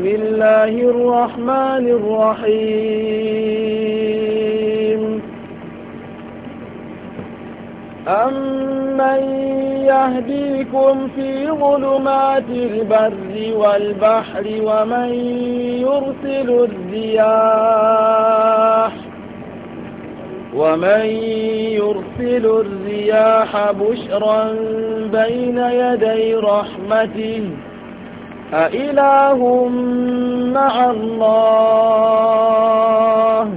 بسم الله الرحمن الرحيم أمن يهديكم في ظلمات البر والبحر ومن يرسل الرياح ومن يرسل الرياح بشرا بين يدي رحمته أإله مع الله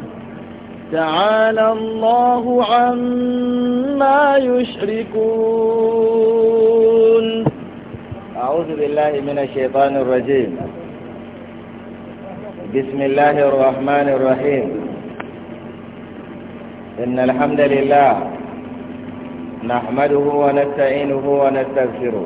تعالى الله عما يشركون أعوذ بالله من الشيطان الرجيم بسم الله الرحمن الرحيم إن الحمد لله نحمده ونستعينه ونستغفره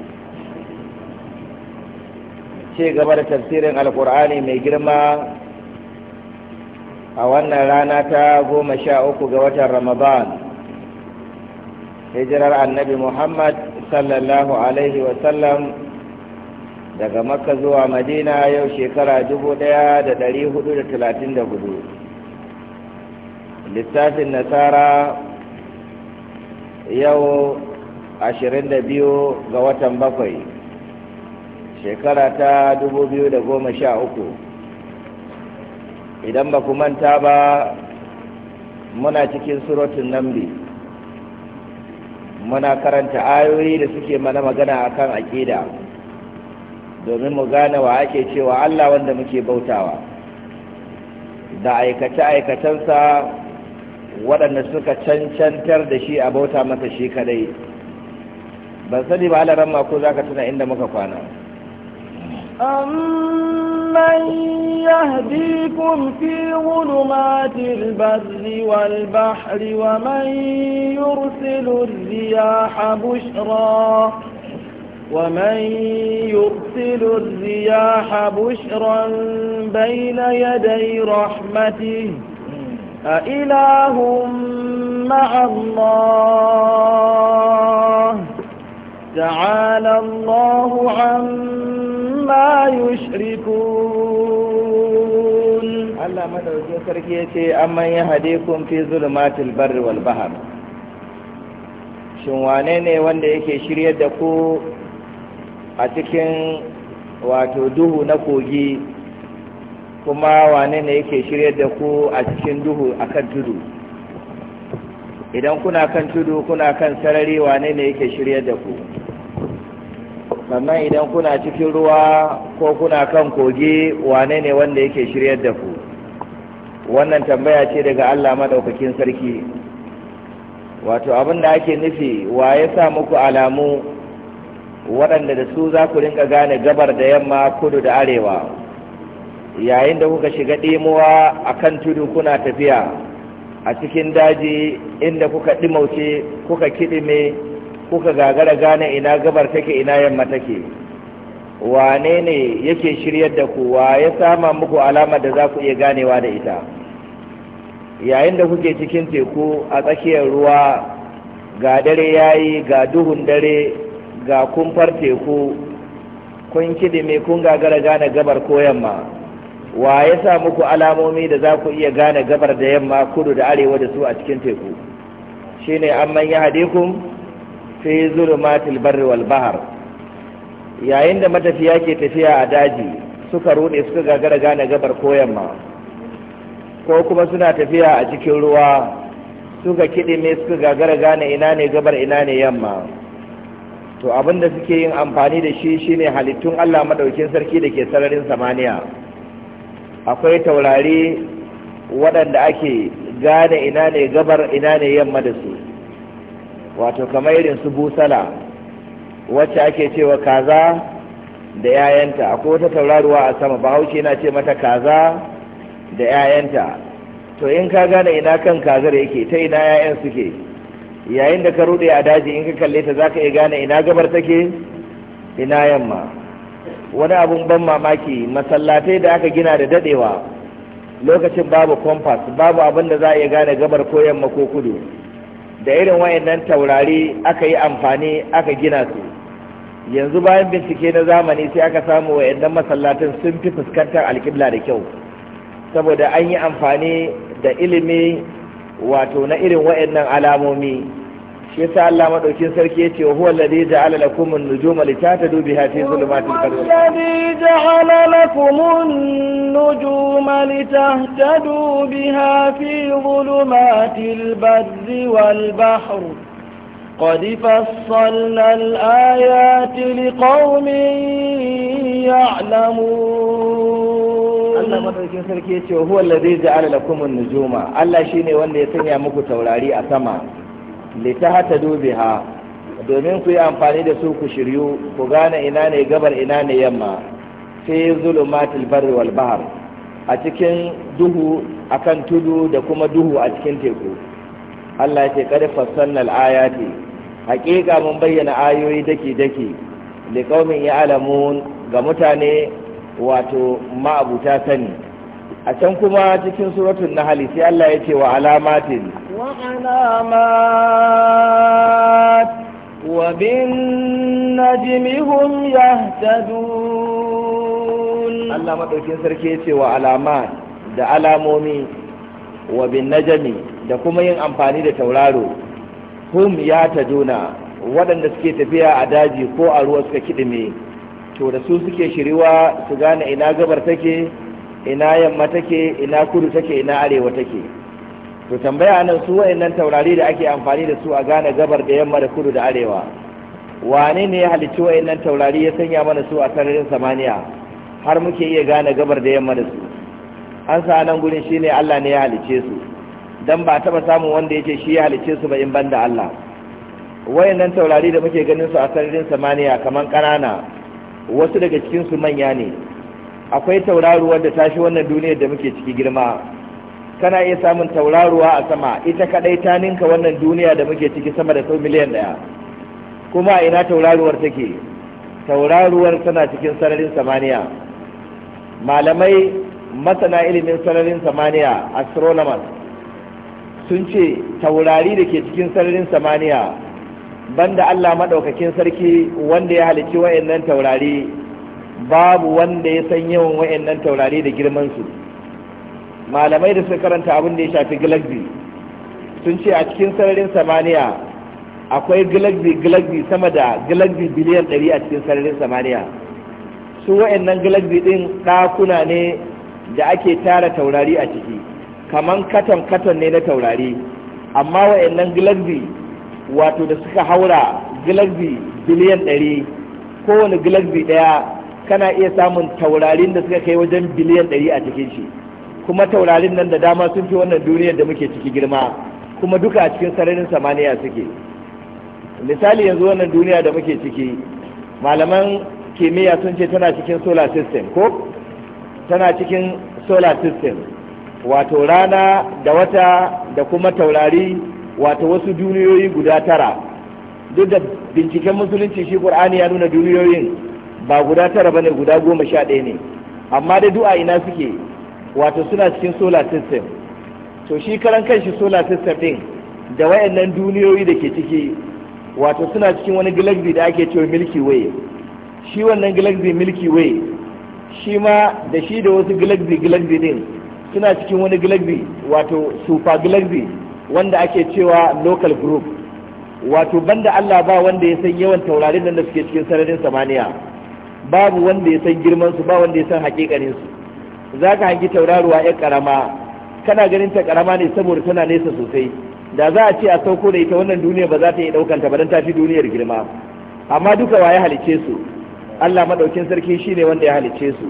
ce gaba da tafsirin alkur'ani mai girma a wannan rana ta goma sha uku ga watan ramadan hijirar annabi muhammad sallallahu alaihi wasallam daga makka zuwa madina yau shekara dubu ɗaya da ɗari hudu da talatin da hudu lissafin nasara yau ashirin da biyu ga watan bakwai shekara ta da goma sha uku, idan ba ku manta ba muna cikin suratun bi muna karanta ayoyi da suke mana magana a kan aƙida domin mu gane wa ake cewa Allah wanda muke bautawa da aikace-aikacensa waɗanda suka cancantar da shi a bauta masa shi kadai ban sani ba alaran mako za ka tuna inda muka kwana أمن يهديكم في ظلمات البر والبحر ومن يرسل الرياح بشرا ومن يرسل الرياح بشرا بين يدي رحمته أإله مع الله تعالى الله عما Allah يشركون Sarki yace دوجي سركي يتي أما fi في barri wal bahr shin wane ne wanda yake shiryar da ku a cikin wato duhu na kogi kuma wane ne yake shiryar da ku a cikin duhu akan tudu idan kuna kan tudu kuna kan sarari wane ne yake shiryar da ku sannan idan kuna cikin ruwa ko kuna kan kogi wane ne wanda yake shiryar da ku wannan tambaya ce daga Allah maɗaukakin sarki wato abin da ake nufi wa ya sa muku alamu waɗanda da su za ku rinka gane gabar da yamma kudu da arewa yayin da kuka shiga ɗimuwa a kan tudu kuna tafiya a cikin daji inda kuka ɗimauce kuka kiɗime kuka gagara gane ina gabar take ina yamma take wane ne yake shiryar da ku wa ya sama muku alamar da za ku iya ganewa da ita yayin da kuke cikin teku a tsakiyar ruwa ga dare yayi ga duhun dare ga kumfar teku kun kidime kun gagara gane gabar ko yamma wa ya sa muku alamomi da za ku iya gane gabar da yamma kudu da arewa da su a cikin teku shine amman ya hade ku fi zulumatil barri wal bahar yayin da matafiya ke tafiya a daji suka rude suka gagara gane gabar ko ma, ko kuma suna tafiya a cikin ruwa suka kidime suka gagara gane ina ne gabar ina ne yamma to abin da suke yin amfani da shi shine halittun Allah madaukin sarki da ke sararin samaniya akwai taurari waɗanda ake gane ina ne gabar ina ne yamma da su wato kamar irin su busala wacce ake cewa kaza da yayanta akwai wata tauraruwa a sama bahaushe yana ce mata kaza da yayanta to in ka gane ina kan kazar yake ta ina yayan suke yayin da ka rude a daji in ka kalle ta zaka iya gane ina gabar take ina yamma wani abun ban mamaki masallatai da aka gina da dadewa lokacin babu compass babu abin da za a iya gane gabar ko yamma ko kudu da irin wayannan taurari aka yi amfani aka gina su yanzu bayan bincike na zamani sai aka samu wayannan masallatin sun fi fuskantar alƙibla da kyau saboda an yi amfani da ilimi wato na irin wayannan alamomi shi yasa Allah madaukin sarki yace wa huwa alladhi ja'ala lakum an-nujuma litatadu biha fi zulumatil barri alladhi ja'ala lakum an-nujuma litahtadu biha fi zulumatil barri wal bahri قد فصلنا الآيات لقوم يعلمون الله مدركين سركي هو الذي جعل لكم النجوم wanda ya sanya muku taurari a sama. litahtadu biha domin ku yi amfani da su ku shiryu ku gane ina ne gabar ina ne yamma fi zulumatil barri wal bahr a cikin duhu akan tudu da kuma duhu a cikin teku Allah ce kada fassannal ayati haƙiƙa mun bayyana ayoyi dake-dake, daki li qaumin ya'lamun ga mutane wato ma'abuta sani a can kuma cikin suratun na sai Allah ya ce wa alamatin wa alamat wa bin najmihum yahtadun Allah madaukin sarki ya ce wa alamat da alamomi wa bin najmi da kuma yin amfani da tauraro hum ya yahtaduna waɗanda suke tafiya a daji ko a ruwa suka me. to da su suke shiriwa su gane ina gabar take ina yamma take ina kudu take ina arewa take to tambaya nan su wayannan taurari da ake amfani da su a gane gabar da yamma da kudu da arewa wane ne ya halicci wayannan taurari ya sanya mana su a sararin samaniya har muke iya gane gabar da yamma da su an sa nan gurin shine Allah ne ya halicce su dan ba taba samun wanda yake shi ya halicce su ba in banda Allah wayannan taurari da muke ganin su a sararin samaniya kaman kanana wasu daga cikin su manya ne akwai tauraruwar da tashi wannan duniyar da muke ciki girma kana iya samun tauraruwa a sama ita kadai ta ninka wannan duniya da muke ciki sama da sau miliyan daya kuma ina tauraruwar take tauraruwar tana cikin sararin samaniya malamai masana ilimin sararin samaniya astronomers sun ce taurari da ke cikin sararin samaniya banda Allah maɗaukakin sarki wanda ya halicci wa'annan taurari babu wanda ya san yawan wayannan taurari da girman su malamai da suka karanta abin da ya shafi galaxy sun ce a cikin sararin samaniya akwai galaxy galaxy sama da galaxy biliyan 100 a cikin sararin samaniya su wayannan galaxy din ɗakuna ne da ake tara taurari a ciki kaman katon katon ne na taurari amma wayannan galaxy wato da suka haura galaxy biliyan 100 kowane galaxy daya kana iya samun taurarin da suka kai wajen biliyan ɗari a cikin shi kuma taurarin nan da dama sun fi wannan duniyar da muke ciki girma kuma duka a cikin sararin samaniya suke misali yanzu wannan duniya da muke ciki malaman kimiyya sun ce tana cikin solar system ko tana cikin solar system wato rana da wata da kuma taurari wato wasu duniyoyi guda tara duk da binciken musulunci shi ƙur'ani ya nuna duniyoyin ba guda tara bane guda goma sha ɗaya ne amma da du'a ina suke wato suna cikin solar system to shi karan kanshi solar system ɗin da wayannan duniyoyi da ke ciki wato suna cikin wani galaxy da ake cewa milky way shi wannan galaxy milky way shi ma da shi da wasu galaxy galaxy din suna cikin wani galaxy wato super galaxy wanda ake cewa local group wato banda Allah ba wanda ya san yawan taurarin nan da suke cikin sararin samaniya babu wanda ya san girman su ba wanda ya san hakikanin su zaka hangi tauraruwa ya ƙarama. kana ganin ta karama ne saboda tana nesa sosai da za a ce a sauko da ita wannan duniya ba za ta iya ɗaukanta ba don ta fi duniyar girma amma duka waye halicce su Allah madaukin sarki shine wanda ya halicce su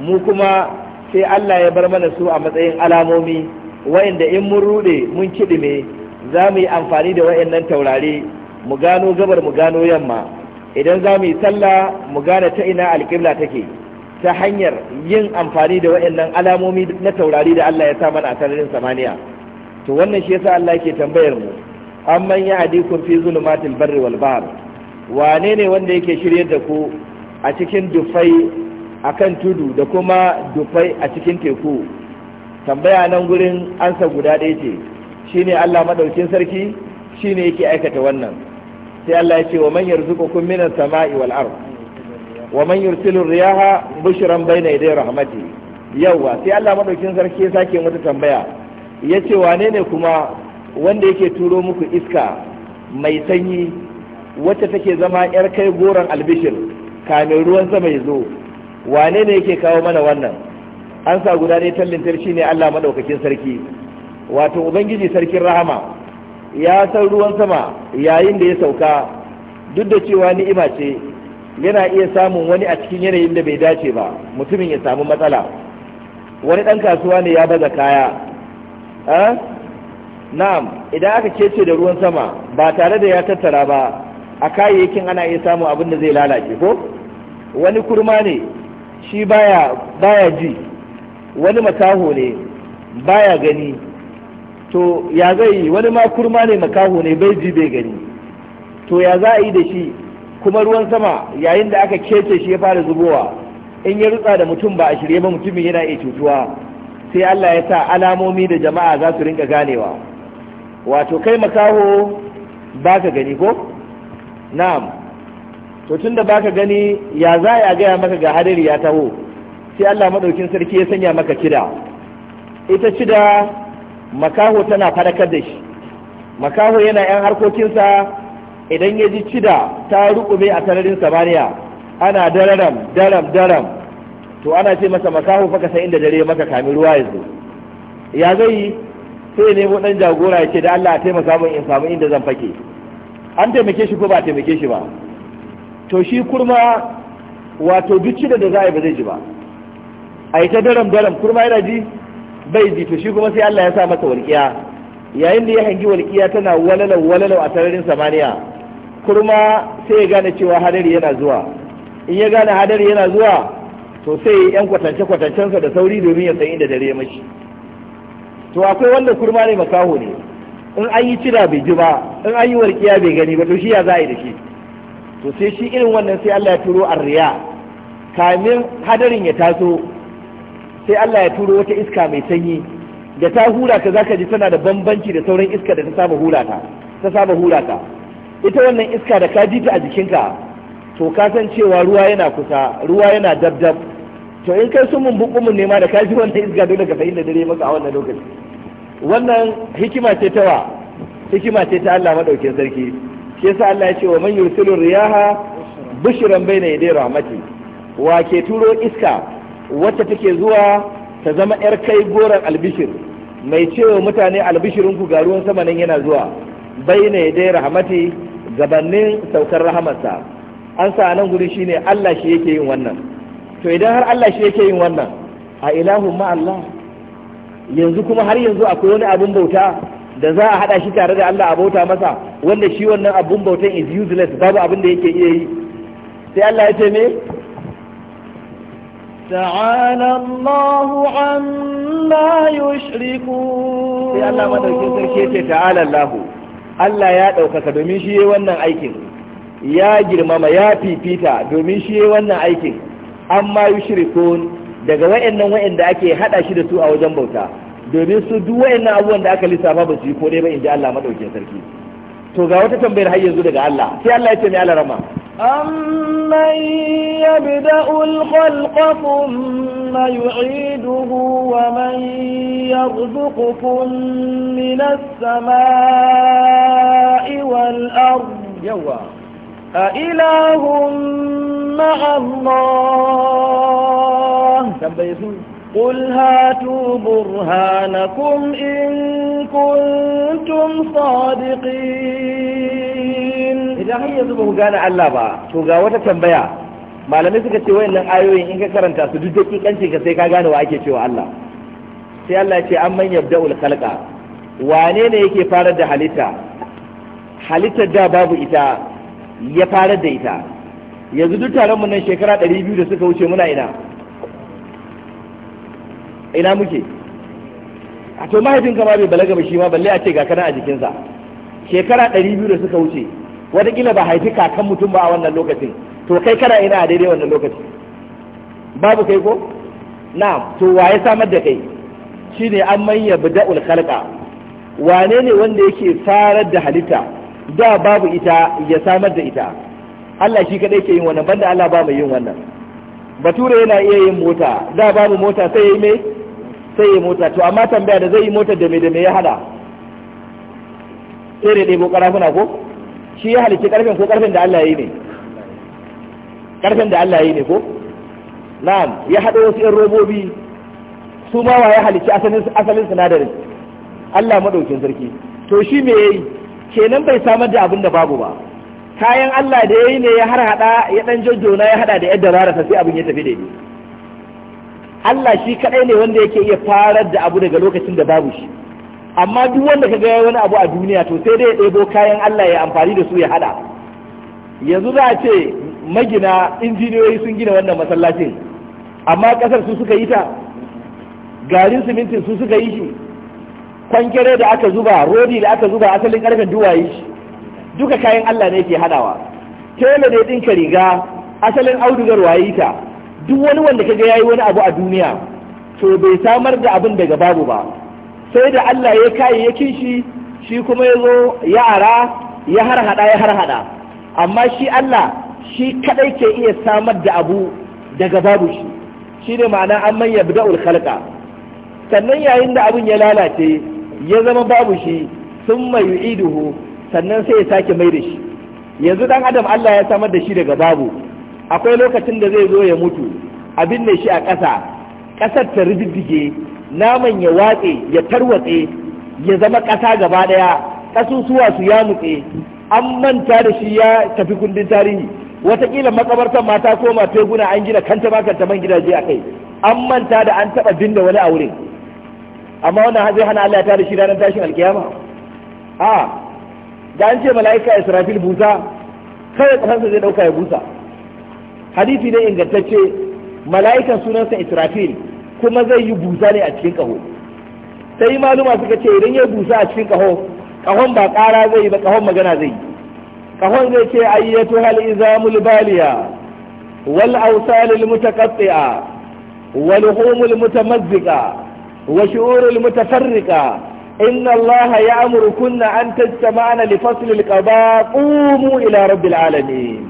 mu kuma sai Allah ya bar mana su a matsayin alamomi wa'inda in mun rude mun kidime za mu yi amfani da wa'innan taurare mu gano gabar mu gano yamma idan za mu yi sallah mu gane ta ina alƙibla take ta hanyar yin amfani da waɗannan alamomi na taurari da Allah ya sa mana a sararin samaniya to wannan shi yasa Allah yake tambayar mu amman ya adikum fi zulumatil barri wal bahr wane ne wanda yake shiryar da ku a cikin dufai akan tudu da kuma dufai a cikin teku tambaya nan gurin ansa guda ɗaya ce shine Allah madaukin sarki shine yake aikata wannan sai Allah ya ce wa man yarzuqukum as sama'i wal ard wa man yursilu riyaha bushran bayna yaday rahmati yawa sai Allah madaukin sarki ya sake mata tambaya yace wane ne kuma wanda yake turo muku iska mai sanyi wacce take zama yar kai goron albishir kamin ruwan sama ya zo wane ne yake kawo mana wannan an sa guda ne tallintar ne Allah madaukakin sarki wato ubangiji sarkin rahama ya san ruwan sama yayin da ya sauka duk da cewa ni'ima ce yana iya samun wani a cikin yanayin da bai dace ba mutumin ya samu matsala wani ɗan kasuwa ne ya baza kaya na'am idan aka kece da ruwan sama ba tare da ya tattara ba a kayayyakin ana iya samun abin da zai lalace ko wani kurma ne shi baya ji wani makaho ne baya gani to ya zai wani ma kurma ne makaho ne bai ji bai gani to ya za a yi da shi kuma ruwan sama yayin da aka kece shi ya fara zubowa in ya rutsa da mutum ba a shirye ba mutumin yana iya cutuwa sai Allah ya sa alamomi da jama'a za su rinka ganewa wato kai makaho ba ka gani ko na'am to tun da ba ka gani ya za a gaya maka ga hadari ya taho sai Allah maɗaukin sarki ya sanya maka kida ita cida makaho tana fadakar da shi makaho yana yan harkokinsa idan ya ji cida ta rukume a sararin samaniya ana dararam daram daram to ana ce masa makaho fa san inda dare maka kami ruwa ya zo ya zai yi sai ya nemo dan jagora ya ce da Allah taimaka min in samu inda zan fake an taimake shi ko ba taimake shi ba to shi kurma wato duk cida da za a yi ba zai ji ba a yi ta daram daram kurma yana ji bai ji to shi kuma sai Allah ya sa masa walƙiya yayin da ya hangi walƙiya tana walalau walalau a sararin samaniya kurma sai ya gane cewa hadari yana zuwa in ya gane hadari yana zuwa to sai yan kwatance kwatancensa da sauri domin ya san inda dare ya mashi to akwai wanda kurma ne makaho ne in an yi cira bai ji ba in an yi walƙiya bai gani ba to shi ya za a yi da shi to sai shi irin wannan sai Allah ya turo arriya kamin hadarin ya taso sai Allah ya turo wata iska mai sanyi da ta hura ta zaka ji tana da bambanci da sauran iska da ta saba hura ta ta saba hura ta ita wannan iska da ka ji ta a jikinka to ka san cewa ruwa yana kusa ruwa yana dabdab to in kai sun mun ne ma da ka ji wannan iska dole ka fahimta dare maka a wannan lokaci wannan hikima ce ta wa hikima ce ta Allah madaukin sarki shi yasa Allah ya ce wa man yursilu riyaha bushran bayna yaday rahmati wa ke turo iska wacce take zuwa ta zama yar kai goron albishir mai cewa mutane albishirin ku ga ruwan sama nan yana zuwa bai ne dai rahamati gabanin saukar rahamarsa an sa nan guri shine Allah shi yake yin wannan to idan har Allah shi yake yin wannan a ilahu ma Allah yanzu kuma har yanzu akwai wani abun bauta da za a hada shi tare da Allah a bauta masa wanda shi wannan abun bautan is useless babu abin da yake iya yi sai Allah ya ce me تعالى الله عما يشركون sai Allah madaukin sarki yace ta'ala Allah Allah ya ɗaukaka domin shi yayi wannan aikin ya girmama ya fifita domin shi yi wannan aikin amma yushrikun daga wayannan wayanda ake hada shi da su a wajen bauta domin su duk wayannan abubuwan da aka lissafa ba su yi ko dai ba inji Allah madaukin sarki to ga wata tambayar har yanzu daga Allah sai Allah ya ce mai Allah rama أَمَّن يَبْدَأُ الْخَلْقَ ثُمَّ يُعِيدُهُ وَمَن يَرْزُقُكُم مِّنَ السَّمَاءِ وَالْأَرْضِ أَإِلَٰهٌ مَّعَ اللَّهِ قُلْ هَاتُوا بُرْهَانَكُمْ إِن كُنتُمْ صَادِقِينَ idan har yanzu ba ku gane Allah ba to ga wata tambaya malamai suka ce wayannan ayoyin in ka karanta su duk dakikancin ka sai ka gane wa ake cewa Allah sai Allah ya ce an man yabda'ul khalqa wane ne yake farar da halitta halittar da babu ita ya farar da ita yanzu duk taron mu nan shekara 200 da suka wuce muna ina ina muke a to mahaifin ma bai balaga ba shi ma balle a ce ga kana a jikinsa shekara 200 da suka wuce wataƙila ba haifi kakan mutum ba a wannan lokacin to kai kana ina a daidai wannan lokaci? babu kai ko na to wa ya samar da kai Shi ne an manya bida'ul khalqa wane ne wanda yake farar da halitta da babu ita ya samar da ita Allah shi kaɗai ke yin wannan banda Allah ba mai yin wannan bature yana iya yin mota da babu mota sai ya yi mai sai ya yi mota to amma tambaya da zai yi motar da mai da mai ya hada sai da ɗaya ko kuna ko shi ya halicci karfin ko karfin da Allah ya yi ne karfin da Allah ya yi ne ko na'am ya haɗa wasu yan robobi su ma wa ya halicci asalin sinadarin Allah madaukin sarki to shi me yayi kenan bai samar da abin da babu ba kayan Allah da yayi ne ya har hada ya dan jojjona ya hada da yadda rarasa sai abin ya tafi daidai Allah shi kadai ne wanda yake iya farar da abu daga lokacin da babu shi amma duk wanda ka gaya wani abu a duniya to sai dai ya ɗebo kayan Allah ya amfani da su ya haɗa, yanzu za a ce magina injiniyoyi sun gina wannan masallacin amma ƙasar su suka yi ta garin simintin su suka yi shi kwankere da aka zuba rodi da aka zuba asalin ƙarfen duwaye shi duka kayan Allah ne ke hadawa tela ne ɗinka riga asalin audugar waye ta duk wani wanda kaga yayi wani abu a duniya to bai samar da abin daga babu ba sai da Allah ya kayayyakin shi shi kuma ya zo yara ya harhada ya harhada amma shi Allah shi kadai ke iya samar da abu daga babu shi shi ne ma'ana an manya bida'ul khalqa sannan yayin da abin ya lalace ya zama babu shi sun mai yu'iduhu sannan sai ya sake mai da shi yanzu dan adam Allah ya samar da shi daga babu akwai lokacin da zai zo ya mutu abin ne shi a ƙasa ƙasar ta rididdige naman ya watse ya tarwatse ya zama ƙasa gaba ɗaya ƙasusuwa su ya mutse an manta da shi ya tafi kundin tarihi watakila makabartar mata koma teguna an gina kanta kanta man gidaje a kai an manta da an taɓa binne wani a wurin amma wannan zai hana Allah ya tada shi ranar tashin alkiyama a da an ce mala'ika israfil busa kawai kasansa zai ɗauka ya busa hadisi ne ingantacce mala'ikan sunansa israfil kuma zai yi busa ne a cikin kaho sai maluma suka ce idan ya busa a cikin kaho kahon ba kara zai yi ba kahon magana zai yi kahon zai ce ayyatu hal izamul baliya wal awsalil mutaqatti'a wal humul mutamazziqa wa shu'urul mutafarriqa إن الله an أن تجتمعن لفصل qada qumu ila rabbil alamin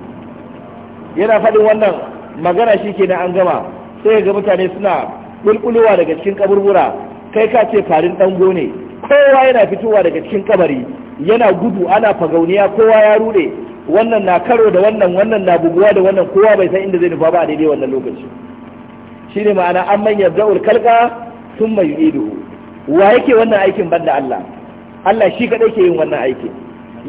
yana faɗin wannan magana shi ke na an gama sai ga mutane suna bulbulowa daga cikin kaburbura kai ka ce farin dango ne kowa yana fitowa daga cikin kabari yana gudu ana fagauniya kowa ya rude wannan na karo da wannan wannan na buguwa da wannan kowa bai san inda zai nufa ba a daidai wannan lokaci ne ma'ana an manya za'ul kalka yi idu. wa yake wannan aikin da Allah Allah shi kaɗai ke yin wannan aikin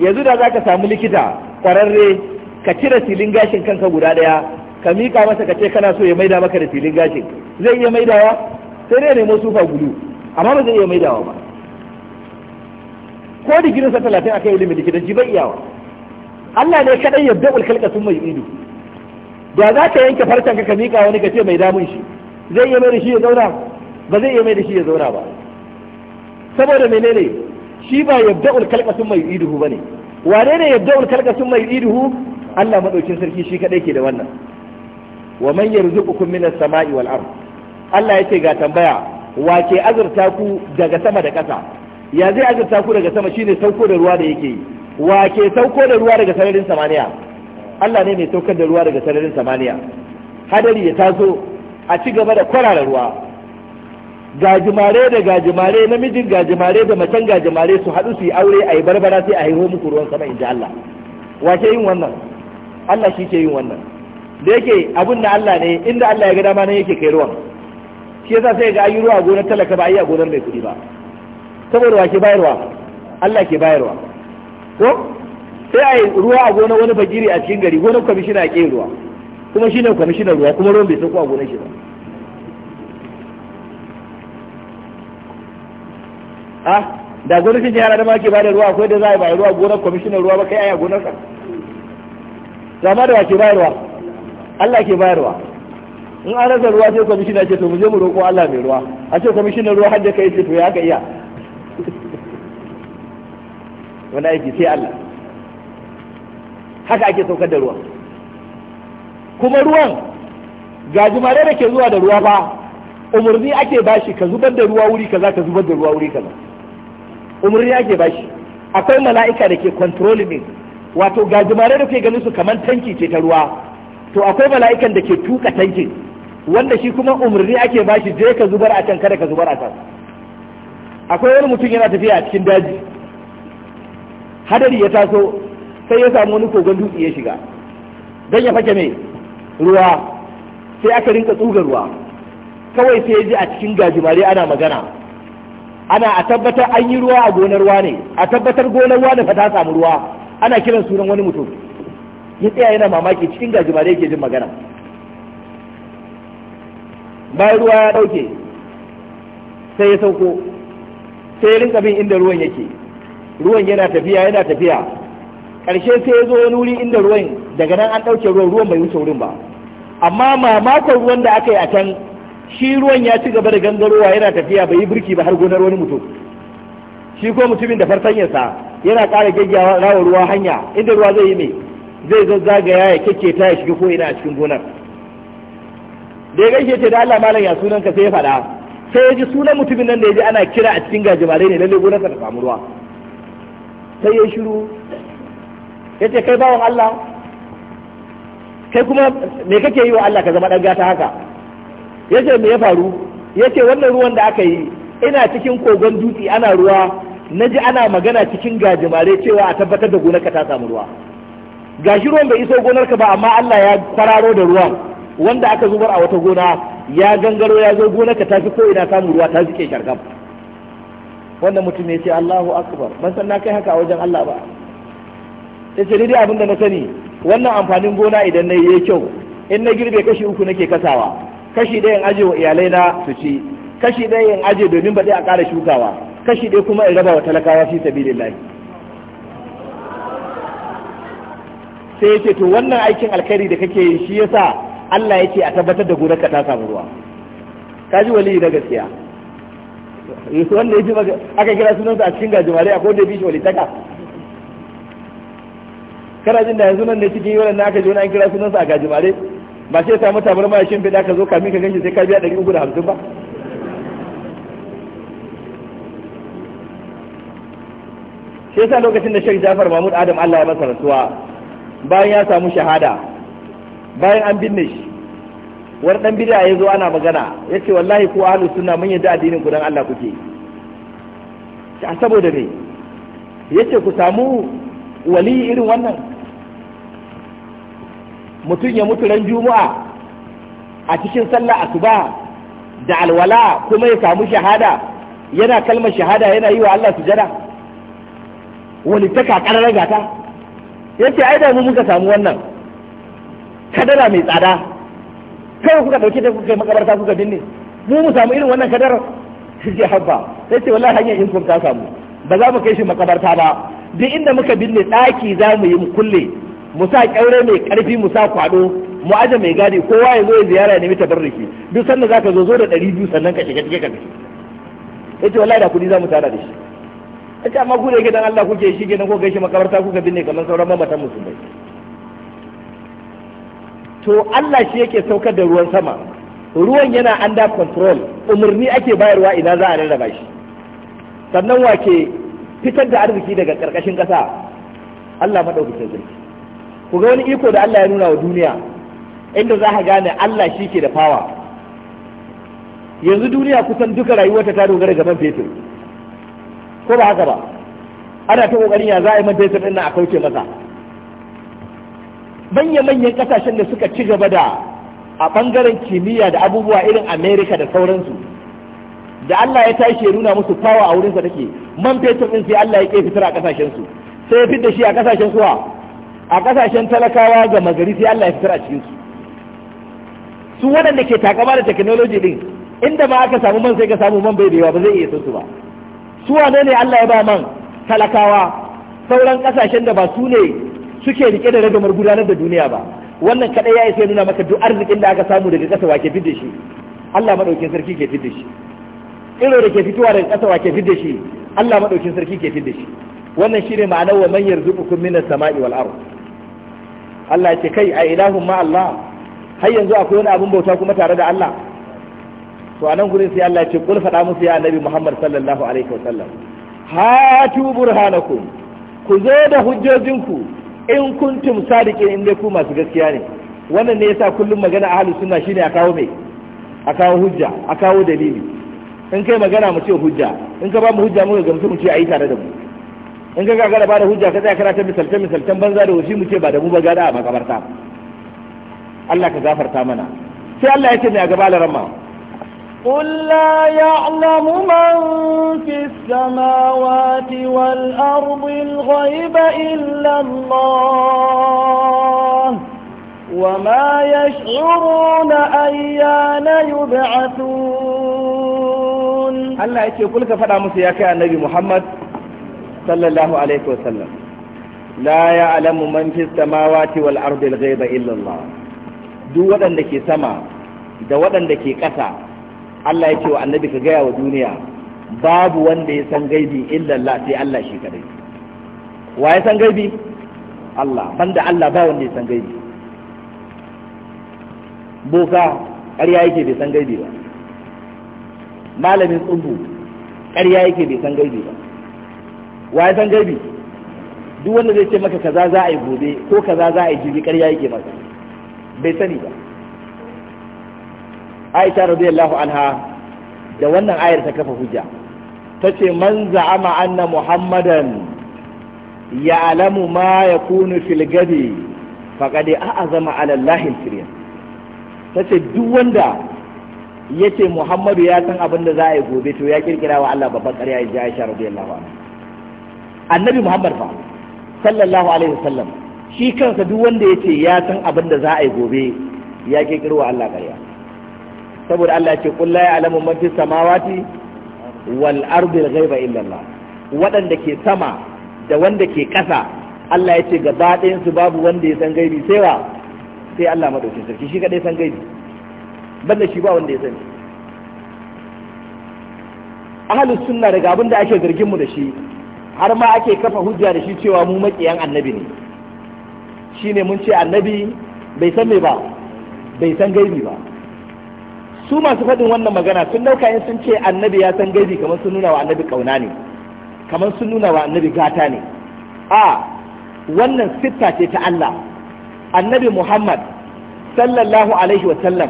yanzu da za ka samu likita ƙwararre ka cire silin gashin kanka guda ɗaya, ka mika masa ka ce kana so ya maida maka da filin gashin zai iya maidawa sai dai nemo sufa gudu. amma ba zai iya maidawa ba ko digirin sa talatin akai ilimin likitanci bai iyawa Allah ne kadai yadda ulkalka sun mai ido da za ka yanke farcen ka miƙa mika wani ka ce mai damun shi zai iya mai da shi ya zauna ba zai iya mai da shi ya zauna ba saboda menene shi ba yabda ulkalka sun mai ba ne? wane ne yabda ulkalka sun mai ido Allah madaukin sarki shi kadai ke da wannan wa man yarzuqukum minas sama'i wal ardh Allah ya ce ga tambaya wace azurta ku daga sama da ƙasa ya zai azurta ku daga sama shine sauko da ruwa da yake yi wace sauko da ruwa daga sararin samaniya Allah ne mai saukar da ruwa daga sararin samaniya hadari ya taso a ci gaba da kwarara ruwa gajimare da gajimare namijin gajimare da macen gajimare su haɗu su yi aure a yi barbara sai a haihu muku ruwan sama in ji Allah wace yin wannan Allah shi ke yin wannan da yake abin da Allah ne inda Allah ya ga dama ne yake kai ruwan shi yasa sai ga yi ruwa gonar talaka ba yi a gonar mai kuɗi ba saboda wa ke bayarwa Allah ke bayarwa ko sai yi ruwa a gonar wani fagiri a cikin gari gonar kwamishina a ƙin ruwa kuma shi ne kwamishinar ruwa kuma ruwan bai sauko a gonar shi ba a ah, da gwamnatin jihar adama ke bada ruwa akwai da za a yi bayar ruwa gonar kwamishinar ruwa ba kai gonar gonarsa zama da wa ke bayarwa Allah ke bayarwa in an rasa ruwa sai kwamishina ce to mu je mu roƙo Allah mai ruwa a ce kwamishin ruwa hajja kai ce to ya ka iya wani aiki sai Allah haka ake saukar da ruwa kuma ruwan gajimare da ke zuwa da ruwa ba umarni ake bashi ka zubar da ruwa wuri kaza ka zubar da ruwa wuri kaza umarni ake bashi akwai mala'ika da ke controlling din wato gajimare da ke ganin su kamar tanki ce ta ruwa to akwai mala'ikan da ke tuka tankin wanda shi kuma umarni ake bashi je ka zubar a can kada ka zubar a can akwai wani mutum yana tafiya a cikin daji hadari ya taso sai ya samu wani kogon dutse ya shiga don ya fake mai ruwa sai aka rinka tsuga ruwa kawai sai ya ji a cikin gajimare ana magana ana a tabbatar an yi ruwa a gonar ruwa ne a tabbatar gonar ruwa da fata samu ruwa ana kiran sunan wani mutum ya tsaya yana mamaki cikin gajimare yake jin magana bayan ruwa ya dauke sai ya sauko sai ya rinka bin inda ruwan yake ruwan yana tafiya yana tafiya karshe sai ya zo wani wuri inda ruwan daga nan an dauke ruwan ruwan bai wuce wurin ba amma mamakon ruwan da aka yi a can shi ruwan ya ci gaba da gangarowa yana tafiya bai yi birki ba har gonar wani mutum shi ko mutumin da fartanyarsa yana ƙara gaggawa rawa ruwa hanya inda ruwa zai yi mai zai zazzagaya ya kyakketa ya shiga ko ina a cikin gonar da ya gaishe ce da Allah malam ya sunan ka sai ya faɗa sai ya ji sunan mutumin nan da ya ji ana kira a cikin gajimare ne lalle gonarsa ta samu ruwa sai ya shiru ya ce kai bawan Allah kai kuma me kake yi wa Allah ka zama ɗan gata haka ya ce me ya faru ya ce wannan ruwan da aka yi ina cikin kogon dutse ana ruwa na ji ana magana cikin gajimare cewa a tabbatar da gonarka ta samu ruwa gashi ruwan bai iso gonarka ba amma Allah ya kwararo da ruwan wanda aka zubar a wata gona ya gangaro ya zo gona ka tafi ko ina samun ruwa ta zike shargam wannan mutum ya ce Allahu akbar ban san na kai haka a wajen Allah ba sai ce dai abin da na sani wannan amfanin gona idan na yi kyau in na girbe kashi uku nake kasawa kashi ɗaya in aje wa iyalai na su ci kashi ɗaya in aje domin baɗi a ƙara shukawa kashi ɗaya kuma in raba wa talakawa fi sabilillahi sai ya ce to wannan aikin alkhairi da kake yi shi yasa Allah ya ce a tabbatar da gonarka ta samu ruwa kaji wali na gaskiya wanda ya ji aka kira sunansa a cikin gajimare a kodai bishi walitaka kana jin da yanzu nan ne cikin yawan na aka ji wani an kira sunansa a gajimare ba sai ya samu bar ma shin bida ka zo kamin ka ganshi sai ka biya ɗari uku da hamsin ba sai sa lokacin da Sheikh Jafar Mahmud Adam Allah ya masa rasuwa bayan ya samu shahada bayan an binne shi wani dan bid'a ya zo ana magana ya ce wallahi ko ahalu suna mun yadda addinin ku dan Allah kuke a saboda me ce ku samu wali irin wannan mutum ya mutu ran juma'a a cikin sallah a asuba da alwala kuma ya samu shahada yana kalmar shahada yana yi wa Allah sujada wani ta kakar ragata yace ai da mu muka samu wannan kadara mai tsada kai kuka dauke da kuka makabarta kuka binne mu mu samu irin wannan kadar sai habba sai ce wallahi hanyar in ta samu ba za mu kai shi makabarta ba duk inda muka binne daki za mu yi mu kulle mu sa kaure mai karfi mu sa kwado mu aje mai gadi kowa ya zo ya ziyara ya nemi tabarruki duk sanda zaka zo zo da 200 sannan ka shiga cikin ka yace wallahi da kudi za mu tara da shi yace amma ku da gidan Allah kuke shi gidan ko gaishe makabarta kuka binne kamar sauran mamatan musulmai to Allah shi yake saukar da ruwan sama ruwan yana under control umarni ake bayarwa ina za a rarraba shi sannan wake fitar da arziki daga karkashin ƙasa Allah madaukakin zai ku ga wani iko da Allah ya nuna wa duniya inda za ka gane Allah shi ke da fawa yanzu duniya kusan duka rayuwarta ta dogara gaban fetur ko ba haka ba ana ta kokarin ya za a yi man fetur din a kauce masa manya-manyan kasashen da suka ci gaba da a bangaren kimiyya da abubuwa irin Amerika da sauransu da Allah ya tashi ya nuna musu fawa a wurinsa take man fetur din sai Allah ya ke fitar a kasashensu sai ya fidda shi a kasashen suwa a kasashen talakawa ga magari sai Allah ya fitar a cikinsu. su waɗanda ke takama da technology din inda ma aka samu man sai ka samu man bai da yawa ba zai iya su ba su wane ne Allah ya ba man talakawa sauran kasashen da ba su ne suke rike da ragamar gudanar da duniya ba wannan kadai ya isa nuna maka duk arzikin da aka samu daga ƙasa wake fidda shi Allah madaukin sarki ke fidda shi tsiro da ke fitowa daga ƙasa wake fidda shi Allah madaukin sarki ke fidda shi wannan shine ma'anar wa man yarzuqukum minas sama'i wal ard Allah ya ce kai a ilahun ma Allah har yanzu akwai wani abin bauta kuma tare da Allah to anan gurin sai Allah ya ce kul fada musu ya annabi Muhammad sallallahu alaihi wa Ha hatu burhanakum ku zo da hujjojinku in kuntum sadiqin in dai ku masu gaskiya ne wannan ne yasa kullum magana ahlus sunna shine a kawo mai a kawo hujja a kawo dalili in kai magana mu ce hujja in ka ba mu hujja mu gamsu mu ce ayi tare da mu in ka ga ba da hujja ka tsaya kana ta misalce misalcen banza da wasu mu ce ba da mu ba gada a makabarta Allah ka gafarta mana sai Allah ya ce mai a gaba ma. قل لا يعلم من في السماوات والأرض الغيب إلا الله وما يشعرون أيان يبعثون هل يقول لك فلا مسياك نبي محمد صلى الله عليه وسلم لا يعلم من في السماوات والأرض الغيب إلا الله دو ودن دكي سما دو ودن دكي قسا Allah ya ce wa annabi ka gaya wa duniya babu wanda ya san gaibi illallah sai Allah shi kadai wa ya san gaibi Allah banda Allah ba wanda ya san gaibi boka ƙarya yake bai san gaibi ba malamin tsubu ƙarya yake bai san gaibi ba wa ya san gaibi duk wanda zai ce maka kaza za a yi gobe ko kaza za a yi jibi ƙarya yake maka bai sani ba aisha radiyallahu anha da wannan ayar ta kafa hujja ta ce man za'ama anna muhammadan ya ya'lamu ma ya yakunu fil gadi faqad a'azama 'ala allahi al ta ce duk wanda ya ce muhammadu ya san abin da za a yi gobe to ya kirkira wa Allah babban ƙarya ya ji aisha radiyallahu anha annabi muhammad fa sallallahu alaihi wasallam shi kansa duk wanda ya ce ya san abin da za a yi gobe ya kirkira wa Allah ƙarya saboda Allah ce kulla ya alamu man fi samawati wal ardi ghaiba illa Allah waɗanda ke sama da wanda ke ƙasa Allah ya ce gaba ɗayan su babu wanda ya san gaibi sai wa sai Allah madaukakin sarki shi kadai san gaibi banda shi ba wanda ya sani ahlus sunna daga abin da ake zargin mu da shi har ma ake kafa hujja da shi cewa mu makiyan annabi ne shine mun ce annabi bai san me ba bai san gaibi ba su masu faɗin wannan magana sun ɗauka in sun ce annabi ya san gaibi kamar sun nuna wa annabi ƙauna ne kamar sun nuna wa annabi gata ne a wannan sitta ce ta Allah annabi Muhammad sallallahu alaihi wa sallam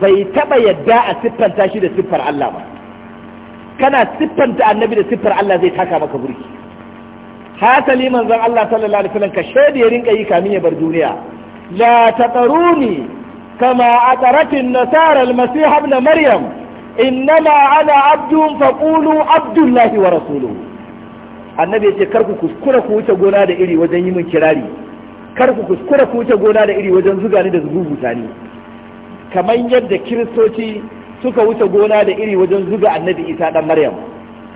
bai taɓa yadda a siffanta shi da siffar Allah ba kana siffanta annabi da siffar Allah zai taka maka burki hasali manzon Allah sallallahu alaihi sallam ka shaidi ya rinka yi kamin ya bar duniya la taqaruni كما أترت النصارى المسيح ابن مريم إنما أنا عبد فقولوا عبد الله ورسوله annabi ya ce kar ku kuskura ku wuce gona da iri wajen yi min kirari kar ku kuskura ku wuce gona da iri wajen zuga ni da zububuta ni kamar yadda kiristoci suka wuce gona da iri wajen zuga annabi isa dan maryam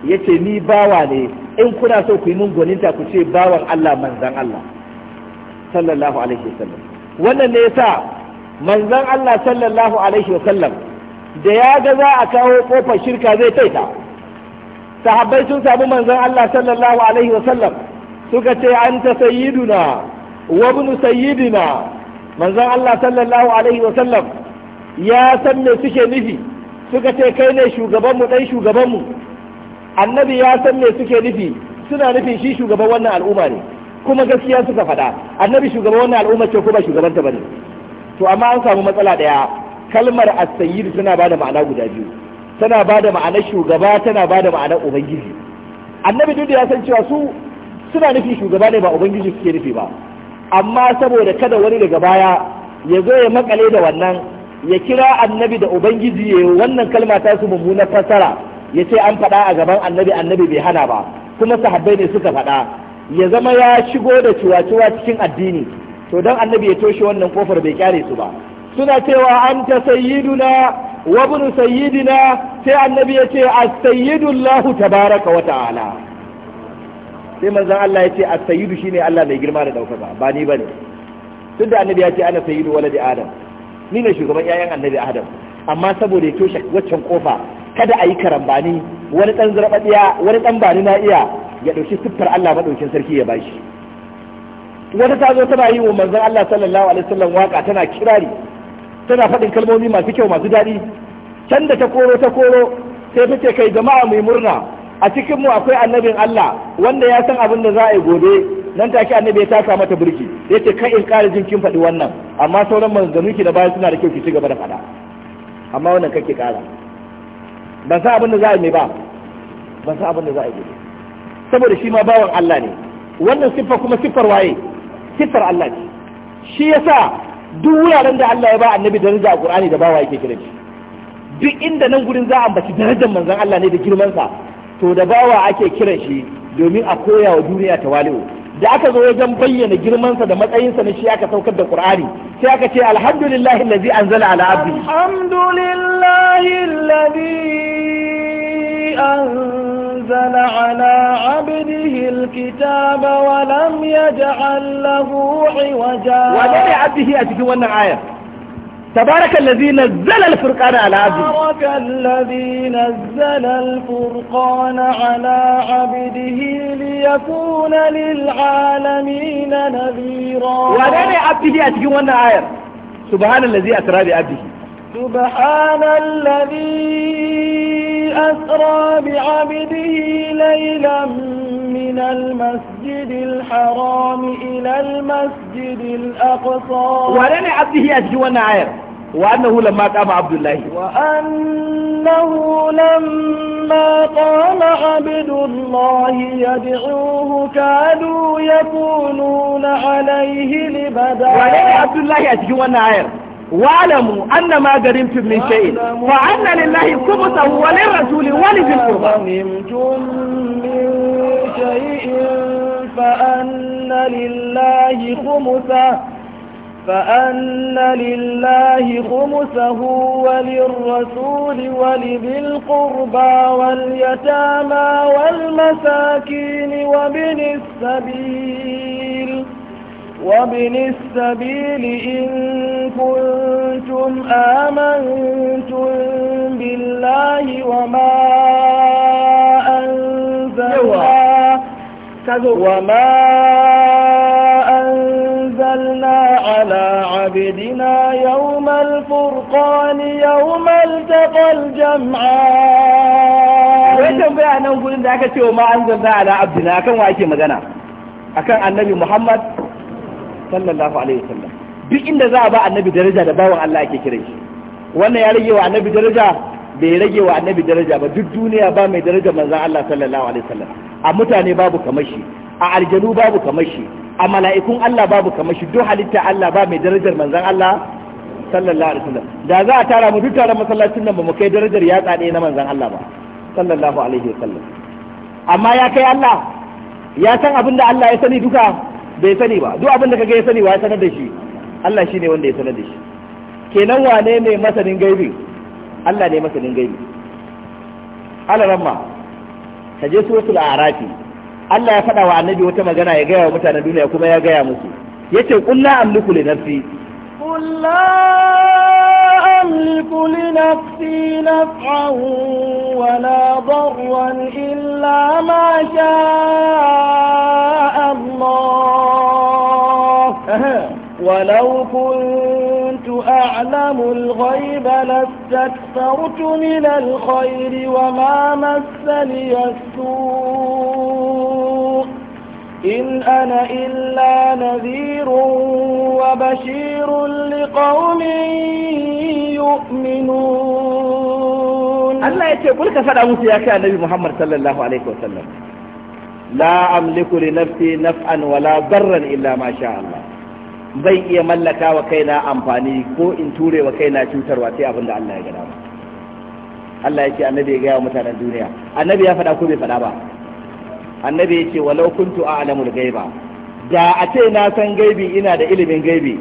yace ni bawa ne in kuna so ku yi min gwaninta ku ce bawan Allah manzan Allah sallallahu alaihi wasallam wannan ne yasa manzon Allah sallallahu alaihi wasallam da ya ga za a kawo kofar shirka zai taita sahabbai sun samu manzon Allah sallallahu alaihi wasallam suka ce an ta sayyiduna wa ibn sayyidina manzon Allah sallallahu alaihi wasallam ya san me suke nufi suka ce kai ne shugaban mu dan shugaban mu annabi ya san me suke nufi suna nufin shi shugaban wannan al'umma ne kuma gaskiya suka faɗa annabi shugaban wannan al'umma ce kuma shugabanta ba ne. to amma an samu matsala daya kalmar as-sayyid tana bada ma'ana guda biyu tana bada ma'anar shugaba tana bada ma'anar ubangiji annabi duk da ya san cewa su suna nufi shugaba ne ba ubangiji suke nufi ba amma saboda kada wani daga baya ya zo ya makale da wannan ya kira annabi da ubangiji ya wannan kalma ta su mummunar fasara ya ce an faɗa a gaban annabi annabi bai hana ba kuma sahabbai ne suka faɗa ya zama ya shigo da cuwa cuwa cikin addini to don annabi ya toshe wannan kofar bai kyare su ba suna cewa an ta sayyiduna wa bunu sayyidina sai annabi ya ce as-sayyidullahu tabaraka wa ta'ala sai manzon Allah ya ce as-sayyidu shine Allah mai girma da daukaka ba ni bane tunda annabi ya ce ana sayyidu waladi adam ni ne shugaban yayan annabi adam amma saboda ya toshe waccan kofa kada a yi karambani wani ɗan zarfaɗiya wani ɗan bani na iya ya ɗauki siffar Allah maɗaukin sarki ya bashi wata ta zo tana yi wa manzon Allah sallallahu alaihi wasallam waka tana kirari tana faɗin kalmomi masu kyau masu daɗi can da ta koro ta koro sai ta kai jama'a mai murna a cikin mu akwai annabin Allah wanda ya san abin da za a yi gobe nan take annabi ya taka mata burki yace kai in ƙara jin faɗi wannan amma sauran manzanni ki da baya suna da kyau ki ci da faɗa amma wannan kake ƙara ban san abin da za a yi ba ban san abin da za a yi saboda shi ma bawan Allah ne wannan siffa kuma siffar waye siffar Allah ce shi yasa duk wuraren da Allah ya ba annabi daraja a Qur'ani da bawa yake kira shi duk inda nan gurin za a ambaci darajar manzon Allah ne da girman sa to da bawa ake kiran shi domin a koya wa duniya tawali'u da aka zo wajen bayyana girmansa da matsayinsa na shi aka saukar da Qur'ani sai aka ce alhamdulillahi allazi anzala ala abdi alhamdulillahi allazi أنزل على عبده الكتاب ولم يجعل له عوجا وجعل عبده وانا آية تبارك الذي نزل الفرقان على عبده تبارك الذي نزل الفرقان على عبده ليكون للعالمين نذيرا ولن عبده وانا آية سبحان الذي أترى بعبده سبحان الذي أسرى بعبده ليلا من المسجد الحرام إلى المسجد الأقصى ولن عبده أجوى النعير وأنه لما قام عبد الله وأنه لما قام عبد الله يدعوه كادوا يكونون عليه لبدا ولن عبد الله أجوى النعير واعلموا أن ما جرمتم من شيء فأن لله خمسه وللرسول ولذي القربى فأن لله خمسه فأن لله خمسه وللرسول ولذي القربى واليتامى والمساكين وابن السبيل وابن السبيل إن كنتم آمنتم بالله وما أنزلنا وما أنزلنا على عبدنا يوم الفرقان يوم التقى الجمعان ويتم بيعنا نقول إنك تيوم ما أنزلنا على عبدنا كم وعيتي مدنا أكان النبي محمد sallallahu alaihi wasallam duk inda za a ba annabi daraja da bawan Allah ake kira shi wannan ya rage wa annabi daraja bai rage wa annabi daraja ba duk duniya ba mai daraja manzon Allah sallallahu alaihi wasallam a mutane babu kamar shi a aljanu babu kamar shi a mala'ikun Allah babu kamar shi duk halitta Allah ba mai darajar manzon Allah sallallahu alaihi wasallam da za a tara mu duk taron masallacin nan ba mu kai darajar ya tsade na manzon Allah ba sallallahu alaihi wasallam amma ya kai Allah ya san abin da Allah ya sani duka bai sani ba duk abin da kage ya sani wa ya sanar da shi Allah shine wanda ya sanar da shi kenan wane ne masanin gaibi Allah ne masanin gaibi Allah ramma ka je su suratul arafi Allah ya faɗa wa annabi wata magana ya gaya wa mutanen duniya kuma ya gaya musu yace kullu amliku li nafsi kullu أملك لنفسي نفعا ولا ضرا إلا ما شاء الله ولو كنت أعلم الغيب لاستكثرت من الخير وما مسني السوء إن أنا إلا نذير وبشير لقوم يؤمنون الله يقول كفر أموت يا كان النبي محمد صلى الله عليه وسلم لا أملك لنفسي نفعا ولا ضرا إلا ما شاء الله zai iya mallaka wa kaina amfani ko in ture wa kaina cutarwa sai abin da Allah ya gada ba Allah ya ce annabi ya gaya wa mutanen duniya annabi ya faɗa ko bai faɗa ba annabi yace walau kuntu a'lamul ghaiba da a ce na san gaibi ina da ilimin gaibi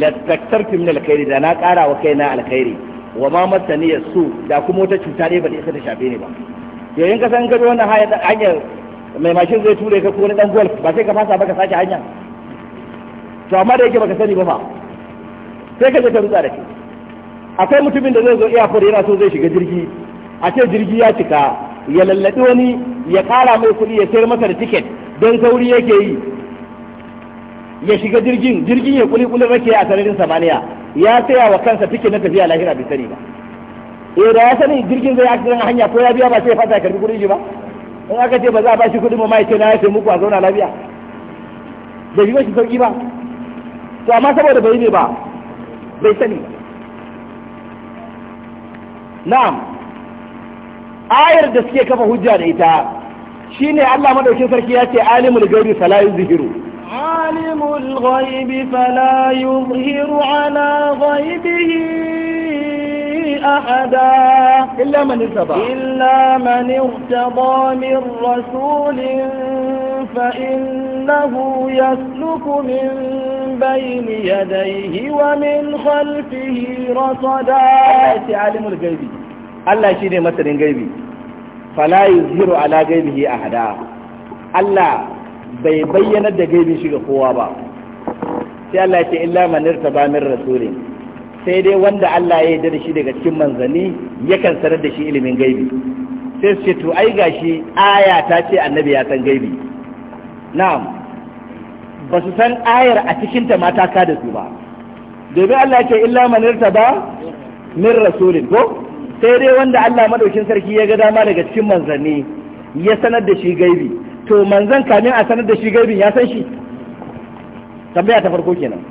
lattaktartu min alkhairi da na kara wa kaina alkhairi wa ma masaniya su da kuma wata cuta ne ba da isa ta shafe ni ba in ka san gado wannan hanyar mai mashin zai ture ka ko wani dan golf ba sai ka fasa ba ka sake hanya to amma da yake baka sani ba fa sai ka je ka rutsa da shi akwai mutumin da zai zo iya fure yana so zai shiga jirgi a ce jirgi ya cika ya lallaɗi wani ya kara mai kuɗi ya sayar masa da tiket don sauri yake yi ya shiga jirgin jirgin ya kuli kulin rake a sararin samaniya ya saya wa kansa tiket na tafiya lahira bai sani ba eh da ya sani jirgin zai akiran hanya ko ya biya ba sai ya fasa ya karbi kuɗi shi ba in aka ce ba za a ba shi kuɗin ba ma ya ce na ya sai muku a zauna lafiya bai shiga shi sauki ba to amma saboda bai ne ba bai sani na'am ayar da suke kafa hujja da ita shine Allah madaukin sarki ya ce alimul gaibi fala yuzhiru alimul ghaibi fala yuzhiru ala ghaibihi ahada illa man irtaba illa man irtaba min rasulin fa innahu yasluku min بين يديه ومن خلفه رصدا عالم الغيب Allah shi ne masanin gaibi fala yuzhiru ala gaibihi ahada Allah bai bayyana da gaibin shi ga kowa ba sai Allah ya ce illa man irtaba min rasulin sai dai wanda Allah ya yarda da shi daga cikin manzanni yakan sanar da shi ilimin gaibi sai su ce to ai gashi aya ta ce annabi ya san gaibi na'am ba su san ayar a cikin ta mata ka da su ba domin Allah ya ce illa man irtaba min rasulin ko sai dai wanda Allah madaukin sarki ya ga dama daga cikin manzanni ya sanar da shi gaibi to manzan kamin a sanar da shi gaibin ya san shi tambaya ta farko kenan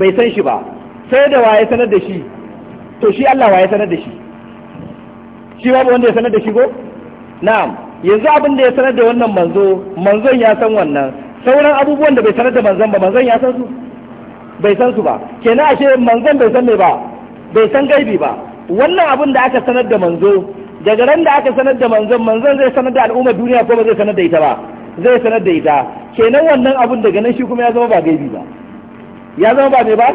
bai san shi ba sai da waye sanar da shi to shi Allah waye sanar da shi shi babu wanda ya sanar da shi go na'am yanzu abin da ya sanar da wannan manzo manzon ya san wannan sauran abubuwan da bai sanar da manzon ba manzon ya san su bai san su ba kenan ashe manzon bai san me ba bai san gaibi ba wannan abin da aka sanar da manzo daga ran da aka sanar da manzon manzon zai sanar da al'umma duniya ko ba zai sanar da ita ba zai sanar da ita kenan wannan abun daga nan shi kuma ya zama ba gaibi ba ya zama ba mai ba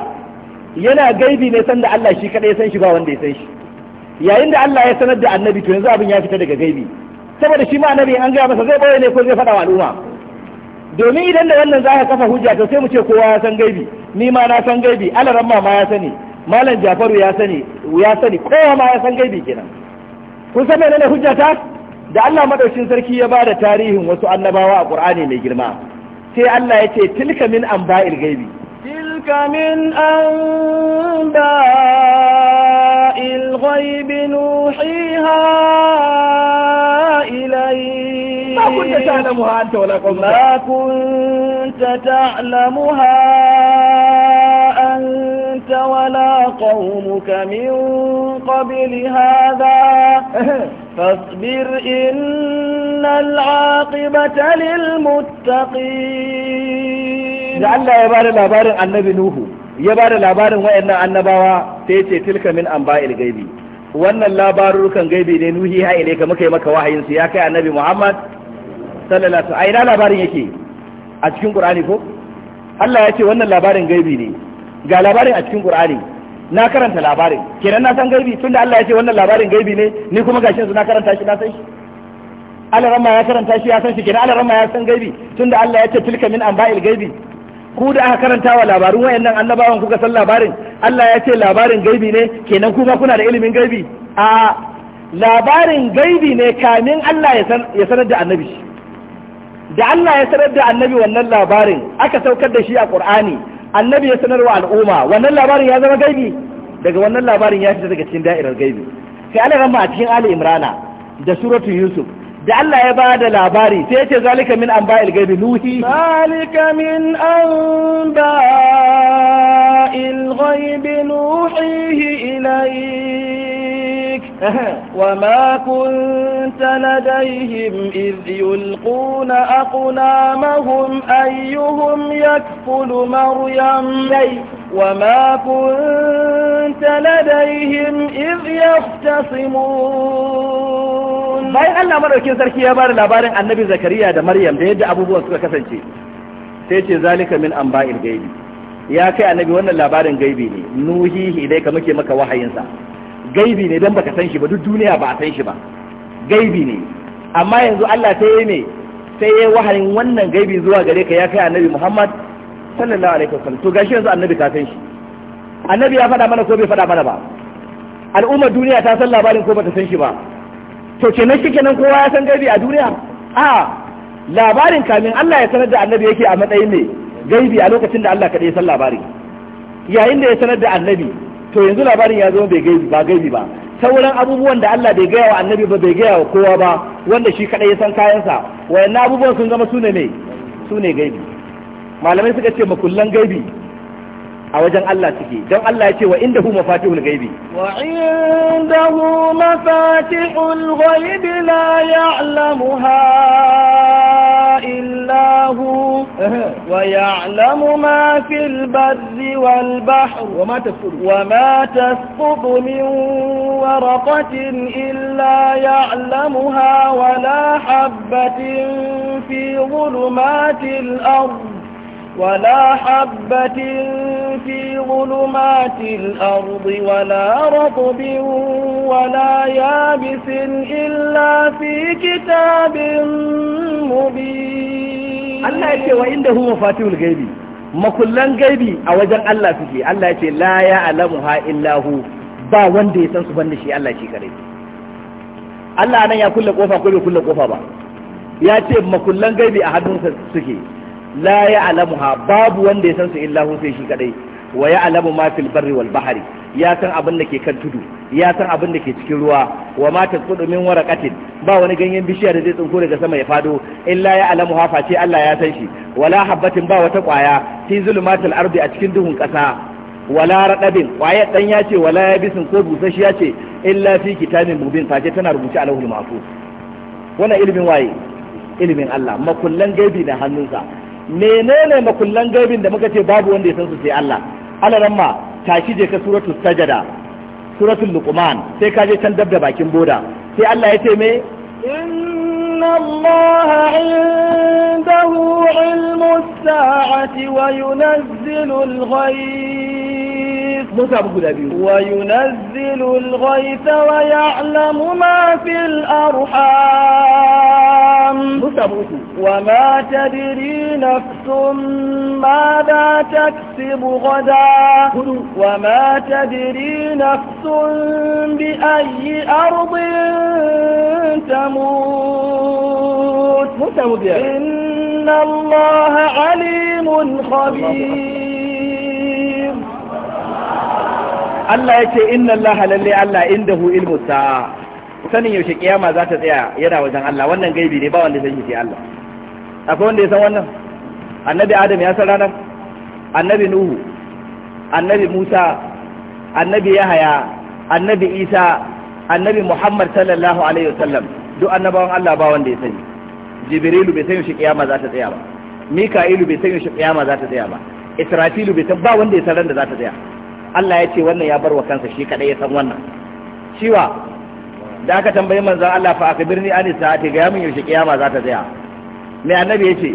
yana gaibi ne sanda Allah shi kadai ya san shi ba wanda ya san shi yayin da Allah ya sanar da annabi to yanzu abin ya fita daga gaibi saboda shi ma annabi an gaya masa zai bayyana ne ko zai fada wa al'umma domin idan da wannan za ka kafa hujja to sai mu ce kowa ya san gaibi ni ma na san gaibi alaran ma ma ya sani malam jafaru ya sani ya sani kowa ma ya san gaibi kenan kun san menene hujjata da Allah madaukin sarki ya bada tarihin wasu annabawa a Qur'ani mai girma sai Allah ya ce tilka min anba'il gaibi tilka min anba'il ghaibi nuhiha ilayhi ما كنت تعلمها أنت ولا قومك ما كنت تعلمها ولا قومك من قبل هذا فاصبر إن العاقبة للمتقين لعل يبار الأبار النبي نوح يبار الأبار وإن النبوة تيتي تلك من أنباء الغيب wannan labarurukan gaibi ne nuhi ha ile ka muka yi ya kai annabi Muhammad sallallahu alaihi wasallam ai labarin yake a cikin Qur'ani ko Allah ya ce wannan labarin gaibi ne ga labarin a cikin qur'ani na karanta labarin kenan na san gaibi tunda Allah ya ce wannan labarin gaibi ne ni kuma gashin su na karanta shi na san shi Allah ramma ya karanta shi ya san shi kenan Allah ramma ya san gaibi tunda Allah ya ce tilka min anba'il gaibi ku da aka karanta wa labarun wayannan annabawan kuka san labarin Allah ya ce labarin gaibi ne kenan kuma kuna da ilimin gaibi a labarin gaibi ne kamin Allah ya sanar da annabi da Allah ya sanar da annabi wannan labarin aka saukar da shi a Qur'ani annabi ya sanarwa al'umma wannan labarin ya zama gaibi daga wannan labarin ya fita daga cikin da'irar gaibi sai Allah a cikin Ali Imrana da suratun Yusuf da Allah ya ba da labari sai ya ce zalika min an ba'il gaibi nuhi zalika min an ba'il gaibi nuhihi ilaik wa ma kunta ladayhim idh yulquna aqnamahum ayyuhum yakfulu maryam wa ma kunta لديهم idh يختصمون bayan Allah madaukin sarki ya bada labarin annabi zakariya da maryam da yadda abubuwan suka kasance sai ce zalika min amba'il gaibi ya kai annabi wannan labarin gaibi ne nuhihi dai ka muke maka wahayinsa gaibi ne dan baka san shi ba duk duniya ba a san shi ba gaibi ne amma yanzu Allah ta yi ne sai ya wahayin wannan gaibi zuwa gare ka ya kai annabi Muhammad sallallahu alaihi wasallam to gashi yanzu annabi ka san shi annabi ya faɗa mana ko bai faɗa mana ba al'ummar duniya ta san labarin ko bata san shi ba to kenan shi kenan kowa ya san gaibi a duniya a labarin kamin Allah ya sanar da annabi yake a matsayin ne gaibi a lokacin da Allah kaɗai ya san labari. yayin da ya sanar da annabi to yanzu labarin ya zama bai gaibi ba gaibi ba sauran abubuwan da Allah bai gaya wa annabi ba bai gaya wa kowa ba wanda shi kaɗai ya san kayansa wayannan abubuwan sun zama sune ne sune gaibi malamai suka ce makullan gaibi a wajen Allah suke don Allah ya ce wa indahu mafatihul ghaibi wa indahu mafatihul ghaibi la ya'lamuha illa hu wa ya'lamu ma fil barri wal bahr wa ma tasqutu wa ma tasqutu min waraqatin illa ya'lamuha wa la habatin fi dhulumatil ardh ولا حبة في ظلمات الأرض ولا رطب ولا يابس إلا في كتاب مبين الله يتي وعنده مفاتيح الغيب makullan gaibi a wajen Allah suke Allah ce la ya alamu ba wanda ya san su banda shi Allah shi Allah nan ya kulle kofa ko bai kulle kofa ba ya ce makullan gaibi a hannunsa suke la babu wanda ya san su illa hu sai shi kadai wa alamu ma fil barri wal bahri ya san abin da ke kan tudu ya san abin da ke cikin ruwa wa ma tasqudu min waraqatin ba wani ganyen bishiya da zai tsinko daga sama ya fado illa ya alamu ha face Allah ya san shi wala habatin ba wata kwaya fi zulumatil ardi a cikin duhun kasa wala radabin kwaya dan ya ce wala yabisin ko busasshiya ce illa fi kitabin mubin face tana rubuce a lahul mahfuz wannan ilimin waye ilimin Allah makullan gaibi da hannunsa menene makullan gaibin da muka ce babu wanda ya san su sai Allah alaran ma tashi je ka suratul sajada suratul luqman sai ka je can bakin boda sai Allah ya ce me inna allaha indahu ilmus sa'ati wa yunzilul ghaib الرزق موسى ابو كلابي وينزل الغيث ويعلم ما في الارحام موسى ابو وما تدري نفس ماذا تكسب غدا وما تدري نفس باي ارض تموت موسى ابو ان الله عليم خبير Allah ya ce inna Allah lalle Allah hu ilmu sa sanin yaushe kiyama za ta tsaya yana wajen Allah wannan gaibi ne ba wanda ya san shi Allah akwai wanda ya san wannan annabi Adam ya san ranar annabi Nuhu annabi Musa annabi Yahaya annabi Isa annabi Muhammad sallallahu alaihi wasallam duk annabawan Allah ba wanda ya sani Jibrilu bai san yaushe kiyama za ta tsaya ba Mika'ilu bai san yaushe kiyama za ta tsaya ba Israfilu bai san ba wanda ya san ran da za ta tsaya Allah ya ce wannan ya bar wa kansa shi kadai ya san wannan ciwa da aka tambayi manzon Allah fa akbirni ani sa'ati ga mun yaushe kiyama za ta tsaya me annabi ya ce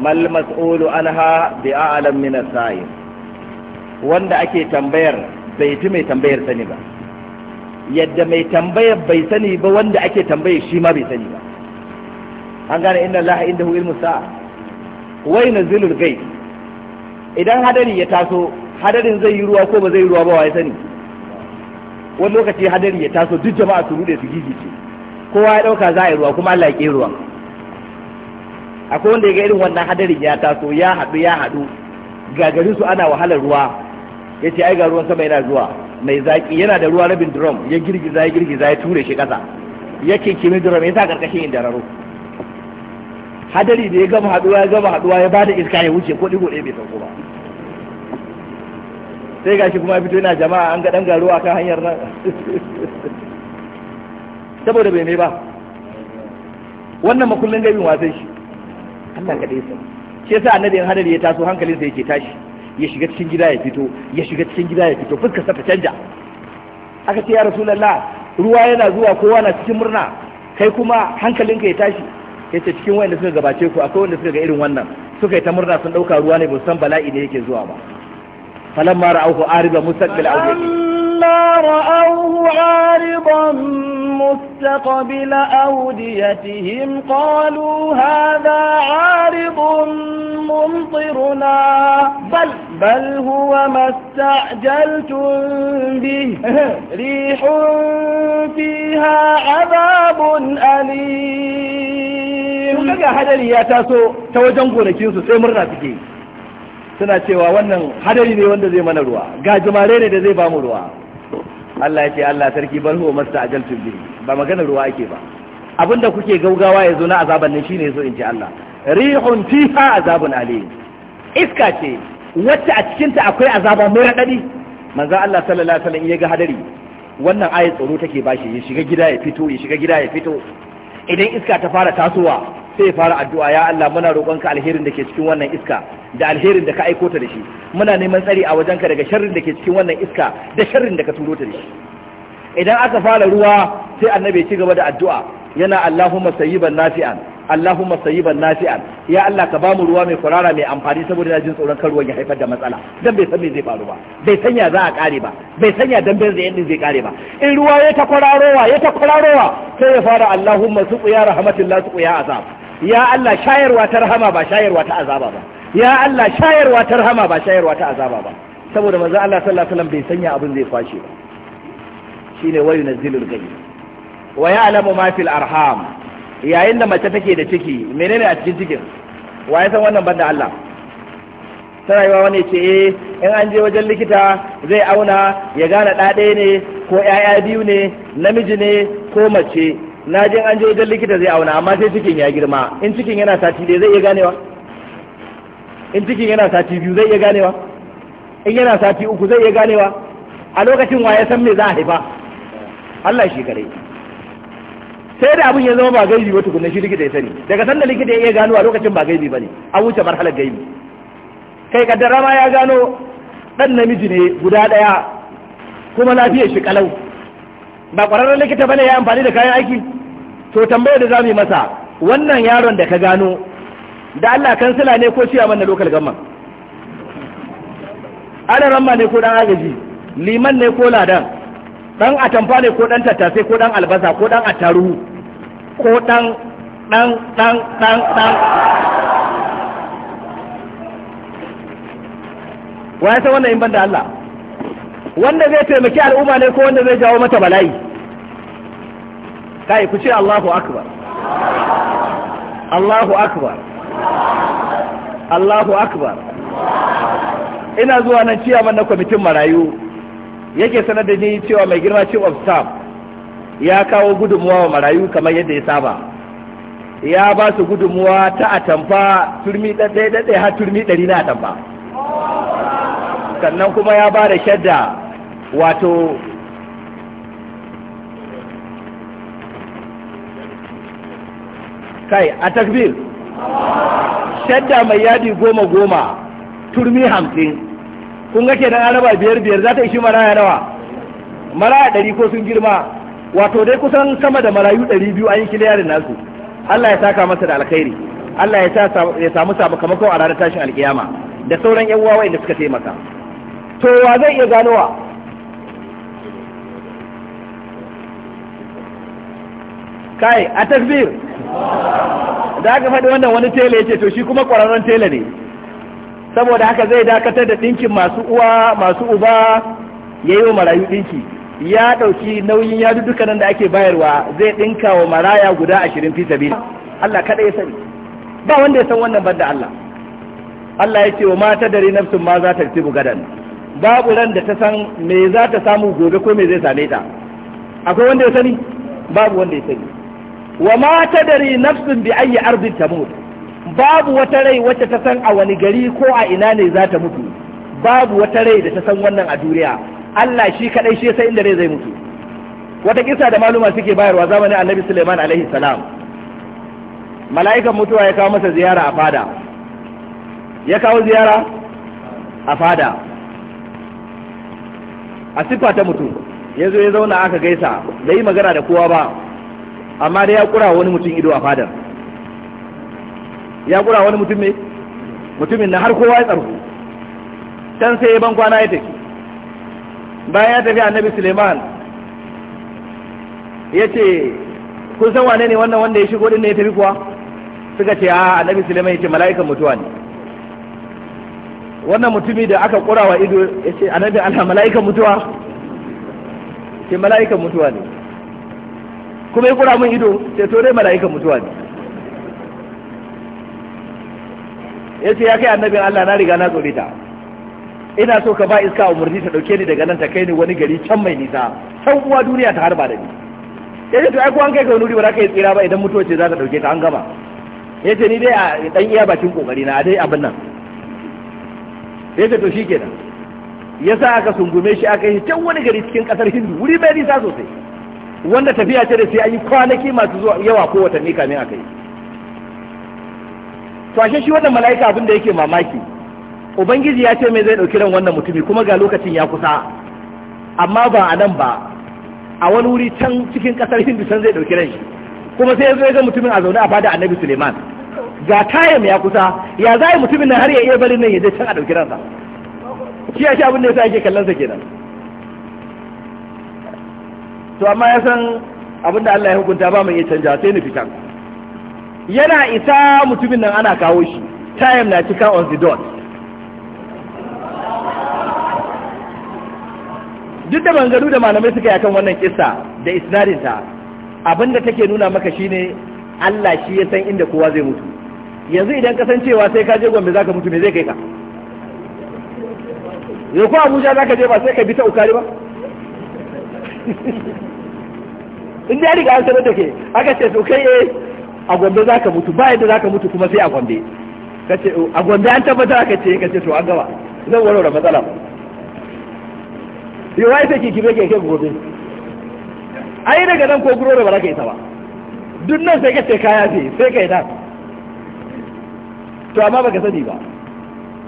mal mas'ulu anha bi a'lam min as-sa'il wanda ake tambayar bai ji mai tambayar sani ba yadda mai tambayar bai sani ba wanda ake tambayar shi ma bai sani ba an gane inna Allah indahu ilmu sa'a wai nazilul ghaib idan hadari ya taso hadarin zai yi ruwa ko ba zai yi ruwa ba ya sani wani lokaci hadari ya taso duk jama'a su rude su gigice kowa ya dauka za a yi ruwa kuma Allah ya ke ruwa akwai wanda ya ga irin wannan hadarin ya taso ya haɗu ya haɗu gagarin su ana wahalar ruwa ya ce ai ga ruwan sama yana zuwa mai zaki yana da ruwa rabin drum ya girgiza ya girgiza ya ture shi ƙasa ya kinkimi drum ya sa karkashin yin dararo hadari da ya gama haɗuwa ya gama haɗuwa ya bada iska ya wuce ko ɗigo ɗaya bai sauko ba sai gashi kuma fito yana jama'a an ga dan garuwa kan hanyar nan saboda bai mai ba wannan makullin gaibin wasai shi Allah ka dai san shi yasa annabi in hadari ya taso hankalin sa yake tashi ya shiga cikin gida ya fito ya shiga cikin gida ya fito fuskar sa ta canja aka ce ya rasulullah ruwa yana zuwa kowa na cikin murna kai kuma hankalinka ya tashi ya ce cikin wanda suka gabace ku akwai wanda suka ga irin wannan suka yi ta murna sun dauka ruwa ne ba san bala'i ne yake zuwa ba فلما رأوه عارضا مستقبل أوديتهم فلما رأوه عارضا مستقبل أوديتهم قالوا هذا عارض ممطرنا بل بل هو ما استعجلتم به ريح فيها عذاب أليم. Kun hadari ya taso ta wajen sai murna suke suna cewa wannan hadari ne wanda zai mana ruwa Ga jimare ne da zai ba mu ruwa Allah ya ce Allah sarki bal huwa masta ajal bi ba magana ruwa ake ba abinda kuke gaugawa yazo na azaban nan shine yazo in ji Allah rihun fiha azabun alim iska ce wacce a cikin ta akwai azaba mai radadi manzo Allah sallallahu alaihi wasallam ya ga hadari wannan ayat tsoro take bashi ya shiga gida ya fito ya shiga gida ya fito idan iska ta fara tasowa sai ya fara addu'a ya Allah muna roƙonka alherin da ke cikin wannan iska da alherin da ka aiko ta da shi muna neman tsari a wajenka daga sharrin da ke cikin wannan iska da sharrin da ka turo ta da shi idan aka fara ruwa sai annabi ci gaba da addu'a yana Allahumma sayyiban nafi'an Allahumma sayyiban nafi'an ya Allah ka bamu ruwa mai kurara mai amfani saboda na jin tsoron kan ruwan ya haifar da matsala dan bai san me zai faru ba bai sanya za a kare ba bai sanya dan bai zai zai kare ba in ruwa ya ta kwararowa ya ta kwararowa sai ya fara Allahumma suqiya rahmatillah suqiya azab ya Allah shayarwa ta rahama ba shayarwa ta azaba ba ya Allah shayarwa ta rahama ba shayarwa ta azaba ba saboda manzo Allah sallallahu alaihi wasallam bai sanya abin zai kwashe ba shine wayu nazilul ghayb wa ya'lamu ma fil arham yayin da mace take da ciki menene a cikin cikin wa ya san wannan banda Allah ta rayuwa wani ce eh in an je wajen likita zai auna ya gane da ɗaya ne ko yaya biyu ne namiji ne ko mace na je an je wajen likita zai auna amma sai cikin ya girma in cikin yana sati ɗaya zai iya ganewa in cikin yana sati biyu zai iya ganewa in yana sati uku zai iya ganewa a lokacin wa ya san me za a haifa Allah shi kare sai da abin ya zama ba gaibi ba tukunna shi likita ya sani daga sanda likita ya iya gano a lokacin ba gaibi bane an wuce marhalar gaibi kai kaddara ma ya gano dan namiji ne guda daya kuma lafiyar shi kalau ba kwararren likita bane ya amfani da kayan aiki to tambayar da za mu yi masa wannan yaron da ka gano da Allah kansila ne ko ciyaman na local government ana ramma ne ko dan agaji liman ne ko ladan dan atamfa ne ko dan tattasai ko dan albasa ko dan attaruhu ko dan dan dan dan dan wa ya san wannan in banda Allah wanda zai taimaki al'umma ne ko wanda zai jawo mata bala'i kai ku ce Allahu akbar Allahu akbar Allahu akbar ina zuwa nan ciyaman na kwamitin marayu yake sanar da ni cewa mai girma chief of staff ya kawo gudunmuwa wa marayu kamar yadda ya saba ya ba su gudunmuwa ta atamfa turmi ɗaɗɗe har turmi ɗari na atamfa sannan kuma ya ba da shadda wato kai a takbir shadda mai yadi goma goma turmi hamsin kun ga kenan araba biyar biyar za ta ishi maraya nawa maraya ɗari ko sun girma wato dai kusan sama da marayu ɗari biyu an yi kiliyarin nasu Allah ya saka masa da alkhairi Allah ya ya samu sakamakon a ranar tashin alkiyama da sauran yan uwa da suka taimaka to wa zai iya ganowa kai a tasbir da aka faɗi wannan wani tela ya ce to shi kuma ƙwararren tela ne saboda haka zai dakatar da ɗinkin masu uwa masu uba ya yi wa marayu ɗinki ya ɗauki nauyin ya duka nan da ake bayarwa zai ɗinka wa maraya guda ashirin fi sabi Allah kaɗai ya sani ba wanda ya san wannan banda Allah Allah ya ce wa mata dare nafsun ma za ta tibu gadan babu ran da ta san me za ta samu gobe ko me zai same ta akwai wanda ya sani babu wanda ya sani wa ma tadari nafsin bi ayi ardin tamut babu wata rai wacce ta san a wani gari ko a ina ne za ta mutu babu wata rai da ta san wannan a duniya Allah shi kadai shi sai inda rai zai mutu wata kisa da maluma suke bayarwa zamanin Annabi Sulaiman alaihi salam mala'ikan mutuwa ya kawo masa ziyara a fada ya kawo ziyara a fada a Sifa ta mutu ya zo ya zauna aka gaisa bai yi magana da kowa ba amma dai ya kura wani mutum ido a fadar ya kura wani mutum ne mutumin na har kowa ya tsarku can sai ya ban kwana ya tafi bayan ya tafi annabi suleiman ya ce kun san wane ne wannan wanda ya shigo din ne ya tafi kuwa suka ce a annabi suleiman ya ce mala'ikan mutuwa ne wannan mutumi da aka kura wa ido ya ce annabi ana mala'ikan mutuwa ce mala'ikan mutuwa ne kuma ya kura min ido sai to dai mala'ikan mutuwa ne ya ce ya kai annabin Allah na riga na tsore ta ina so ka ba iska a umarni ta dauke ni daga nan ta kai ni wani gari can mai nisa can uwa duniya ta harba da ni ya ce to ai kuwan kai ka nuri ba za ka yi tsira ba idan mutuwa ce za ta dauke ta an gama ya ce ni dai a dan iya bakin kokari na dai abin nan ya ce to shikenan ya sa aka sungume shi aka yi can wani gari cikin kasar hindu wuri bai nisa sosai wanda tafiya ce da sai yi kwanaki masu zuwa yawa ko watanni kamin a kai to ashe shi wannan mala'ika abin da yake mamaki ubangiji ya ce mai zai ɗauki ran wannan mutumi kuma ga lokacin ya kusa amma ba a nan ba a wani wuri can cikin ƙasar hindu can zai ɗauki ran shi kuma sai ya zo ya ga mutumin a zaune a fada annabi suleiman ga tayam ya kusa ya za mutumin nan har ya iya barin nan ya je can a ɗauki ransa shi ya sha abin da ya sa yake kallon sa kenan to amma ya san abin da Allah ya hukunta ba mai iya canja sai ni fita yana isa mutumin nan ana kawo shi time na cika on the dot duk da bangaru da malamai suka yakan wannan kissa da isnadinta abin da take nuna maka shine Allah shi ya san inda kowa zai mutu yanzu idan kasancewa sai ka je gombe zaka mutu me zai kai ka yau ko abuja zaka je ba sai ka bi ta ukari ba in jari ga an sanar da ke aka ce to kai eh a gwambe za ka mutu ba yadda za ka mutu kuma sai a gwambe kace oh, a gwambe an tabbatar aka ce kace to an gaba zan da matsala yau wai sai kikibe ke kai gobe ai daga nan ko gurore ba za ka yi ta ba duk nan sai kace kaya ce sai kai ta to amma baka sani ba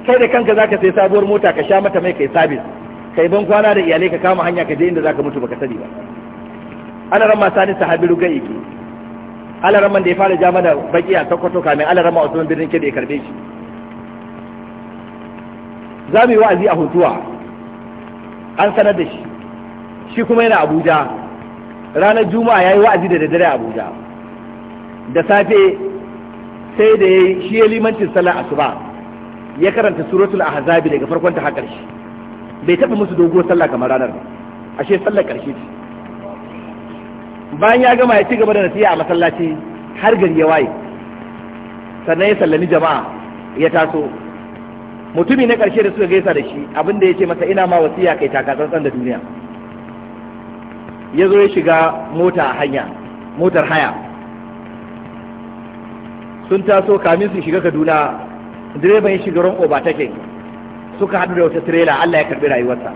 kai da kanka zaka sai sabuwar mota ka sha mata mai kai sabis kai ban kwana da iyalai ka kama hanya ka je inda zaka mutu baka sani ba alaran ma sani sahabi rugai yake alaran man da ya fara ja mana baki a sokoto kamin ma usman birnin da ya karbe shi za mu yi wa'azi a hutuwa an sanar da shi shi kuma yana abuja ranar juma'a ya yi wa'azi da daddare a abuja da safe sai da ya yi shi ya limancin sallar asuba ya karanta suratul ahzabi daga farkon ta har ƙarshe bai taba musu doguwar sallah kamar ranar ashe sallar karshe ce bayan ya gama ya ci gaba da nasiya a masallaci har gari ya waye sannan ya sallami jama'a ya taso mutumi na karshe da suka gaisa da shi abinda ya ce masa ina ma wasiya kai takatsantsan da duniya ya zo ya shiga mota a hanya motar haya sun taso kamin su shiga kaduna direban ya shiga ran overtaking suka haɗu da wata tirela Allah ya karɓi rayuwarsa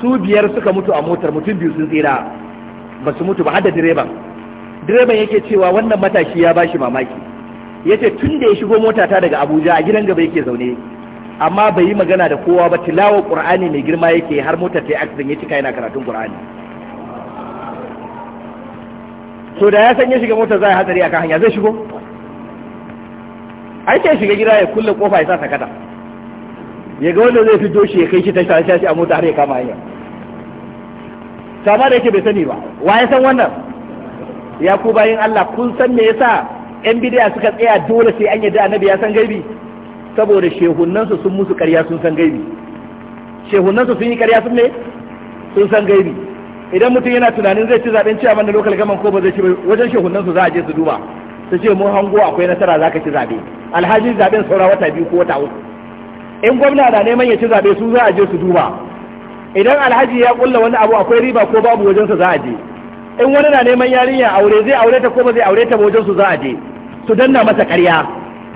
su biyar suka mutu a motar mutum biyu sun tsira ba su mutu ba hada direban direban yake cewa wannan matashi ya bashi mamaki yace tun da ya shigo mota ta daga Abuja a gidan gaba yake zaune amma bai yi magana da kowa ba tilawar Qur'ani mai girma yake har motar ta yi accident ya cika yana karatun Qur'ani to da ya san ya shiga motar za a hatsari akan hanya zai shigo ai sai shiga gida ya kulle kofa ya sa sakata ya ga wanda zai fi shi ya kai shi ta shashi shi a mota har ya kama hanya sama da yake bai sani ba wa ya san wannan ya ku bayin Allah kun san me yasa yan bidiya suka tsaya dole sai an yadda annabi ya san gaibi saboda shehunansu sun musu ƙarya sun san gaibi shehunansu sun yi ƙarya sun ne sun san gaibi idan mutum yana tunanin zai ci zaben cewa mana lokal gaman ko ba zai ci ba wajen shehunansu za a je su duba su ce mun hango akwai nasara za ka ci zabe alhaji zaben saura wata biyu ko wata uku in gwamna na neman ya ci zaɓe su za a je su duba idan alhaji ya kulla wani abu akwai riba ko babu wajensa za a je in wani na neman yarinya aure zai aure ta ko ba zai aure ta su za a je su danna masa ƙarya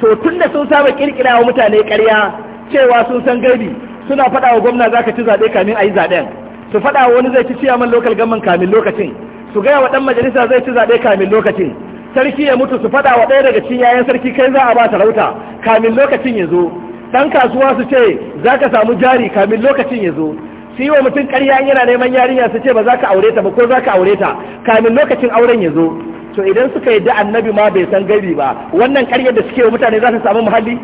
to tun da sun saba kirkira wa mutane ƙarya cewa sun san gaibi suna faɗa wa gwamna za ka ci zaɓe kamin a yi zaɓen su faɗa wa wani zai ci ciyaman lokal gaman kamin lokacin su gaya wa ɗan majalisa zai ci zaɓe kamin lokacin sarki ya mutu su faɗa wa ɗaya daga cikin yayan sarki kai za a ba sarauta kamin lokacin ya zo dan kasuwa su ce za ka samu jari kamin lokacin ya zo su yi wa mutum karya yana neman yarinya su ce ba za ka aure ta ba ko za ka aure ta kamin lokacin auren ya zo to idan suka yi da annabi ma bai san gari ba wannan karyar da suke wa mutane za su samu muhalli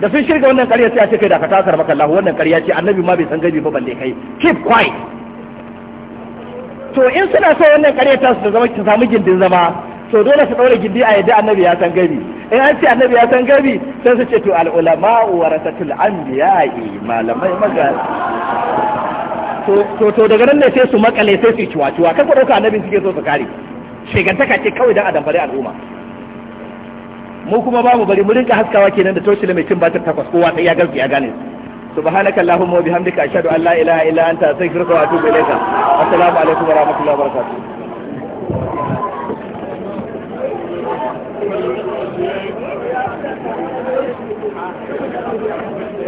da sun shirga wannan karyar sai a ce kai da ka tasar maka Allah wannan karya ce annabi ma bai san gari ba balle kai keep quiet to in suna so wannan karyar ta su zama ta samu gindin zama to dole su daure gindi a yadda annabi ya san gari in an ce annabi ya san gabi sai su ce to al'ulama wa rasatul anbiya'i malamai maga to to daga nan ne sai su makale sai su ciwa kan ku dauka annabi suke so su kare shegantaka ce kawai dan adam bare al'umma mu kuma ba mu bari mu rinka haskawa kenan da toshile mai cin batir takwas kowa sai ya gaske ya gane سبحانك اللهم وبحمدك أشهد أن لا إله إلا أنت أستغفرك وأتوب إليك السلام عليكم ورحمة الله وبركاته Amen.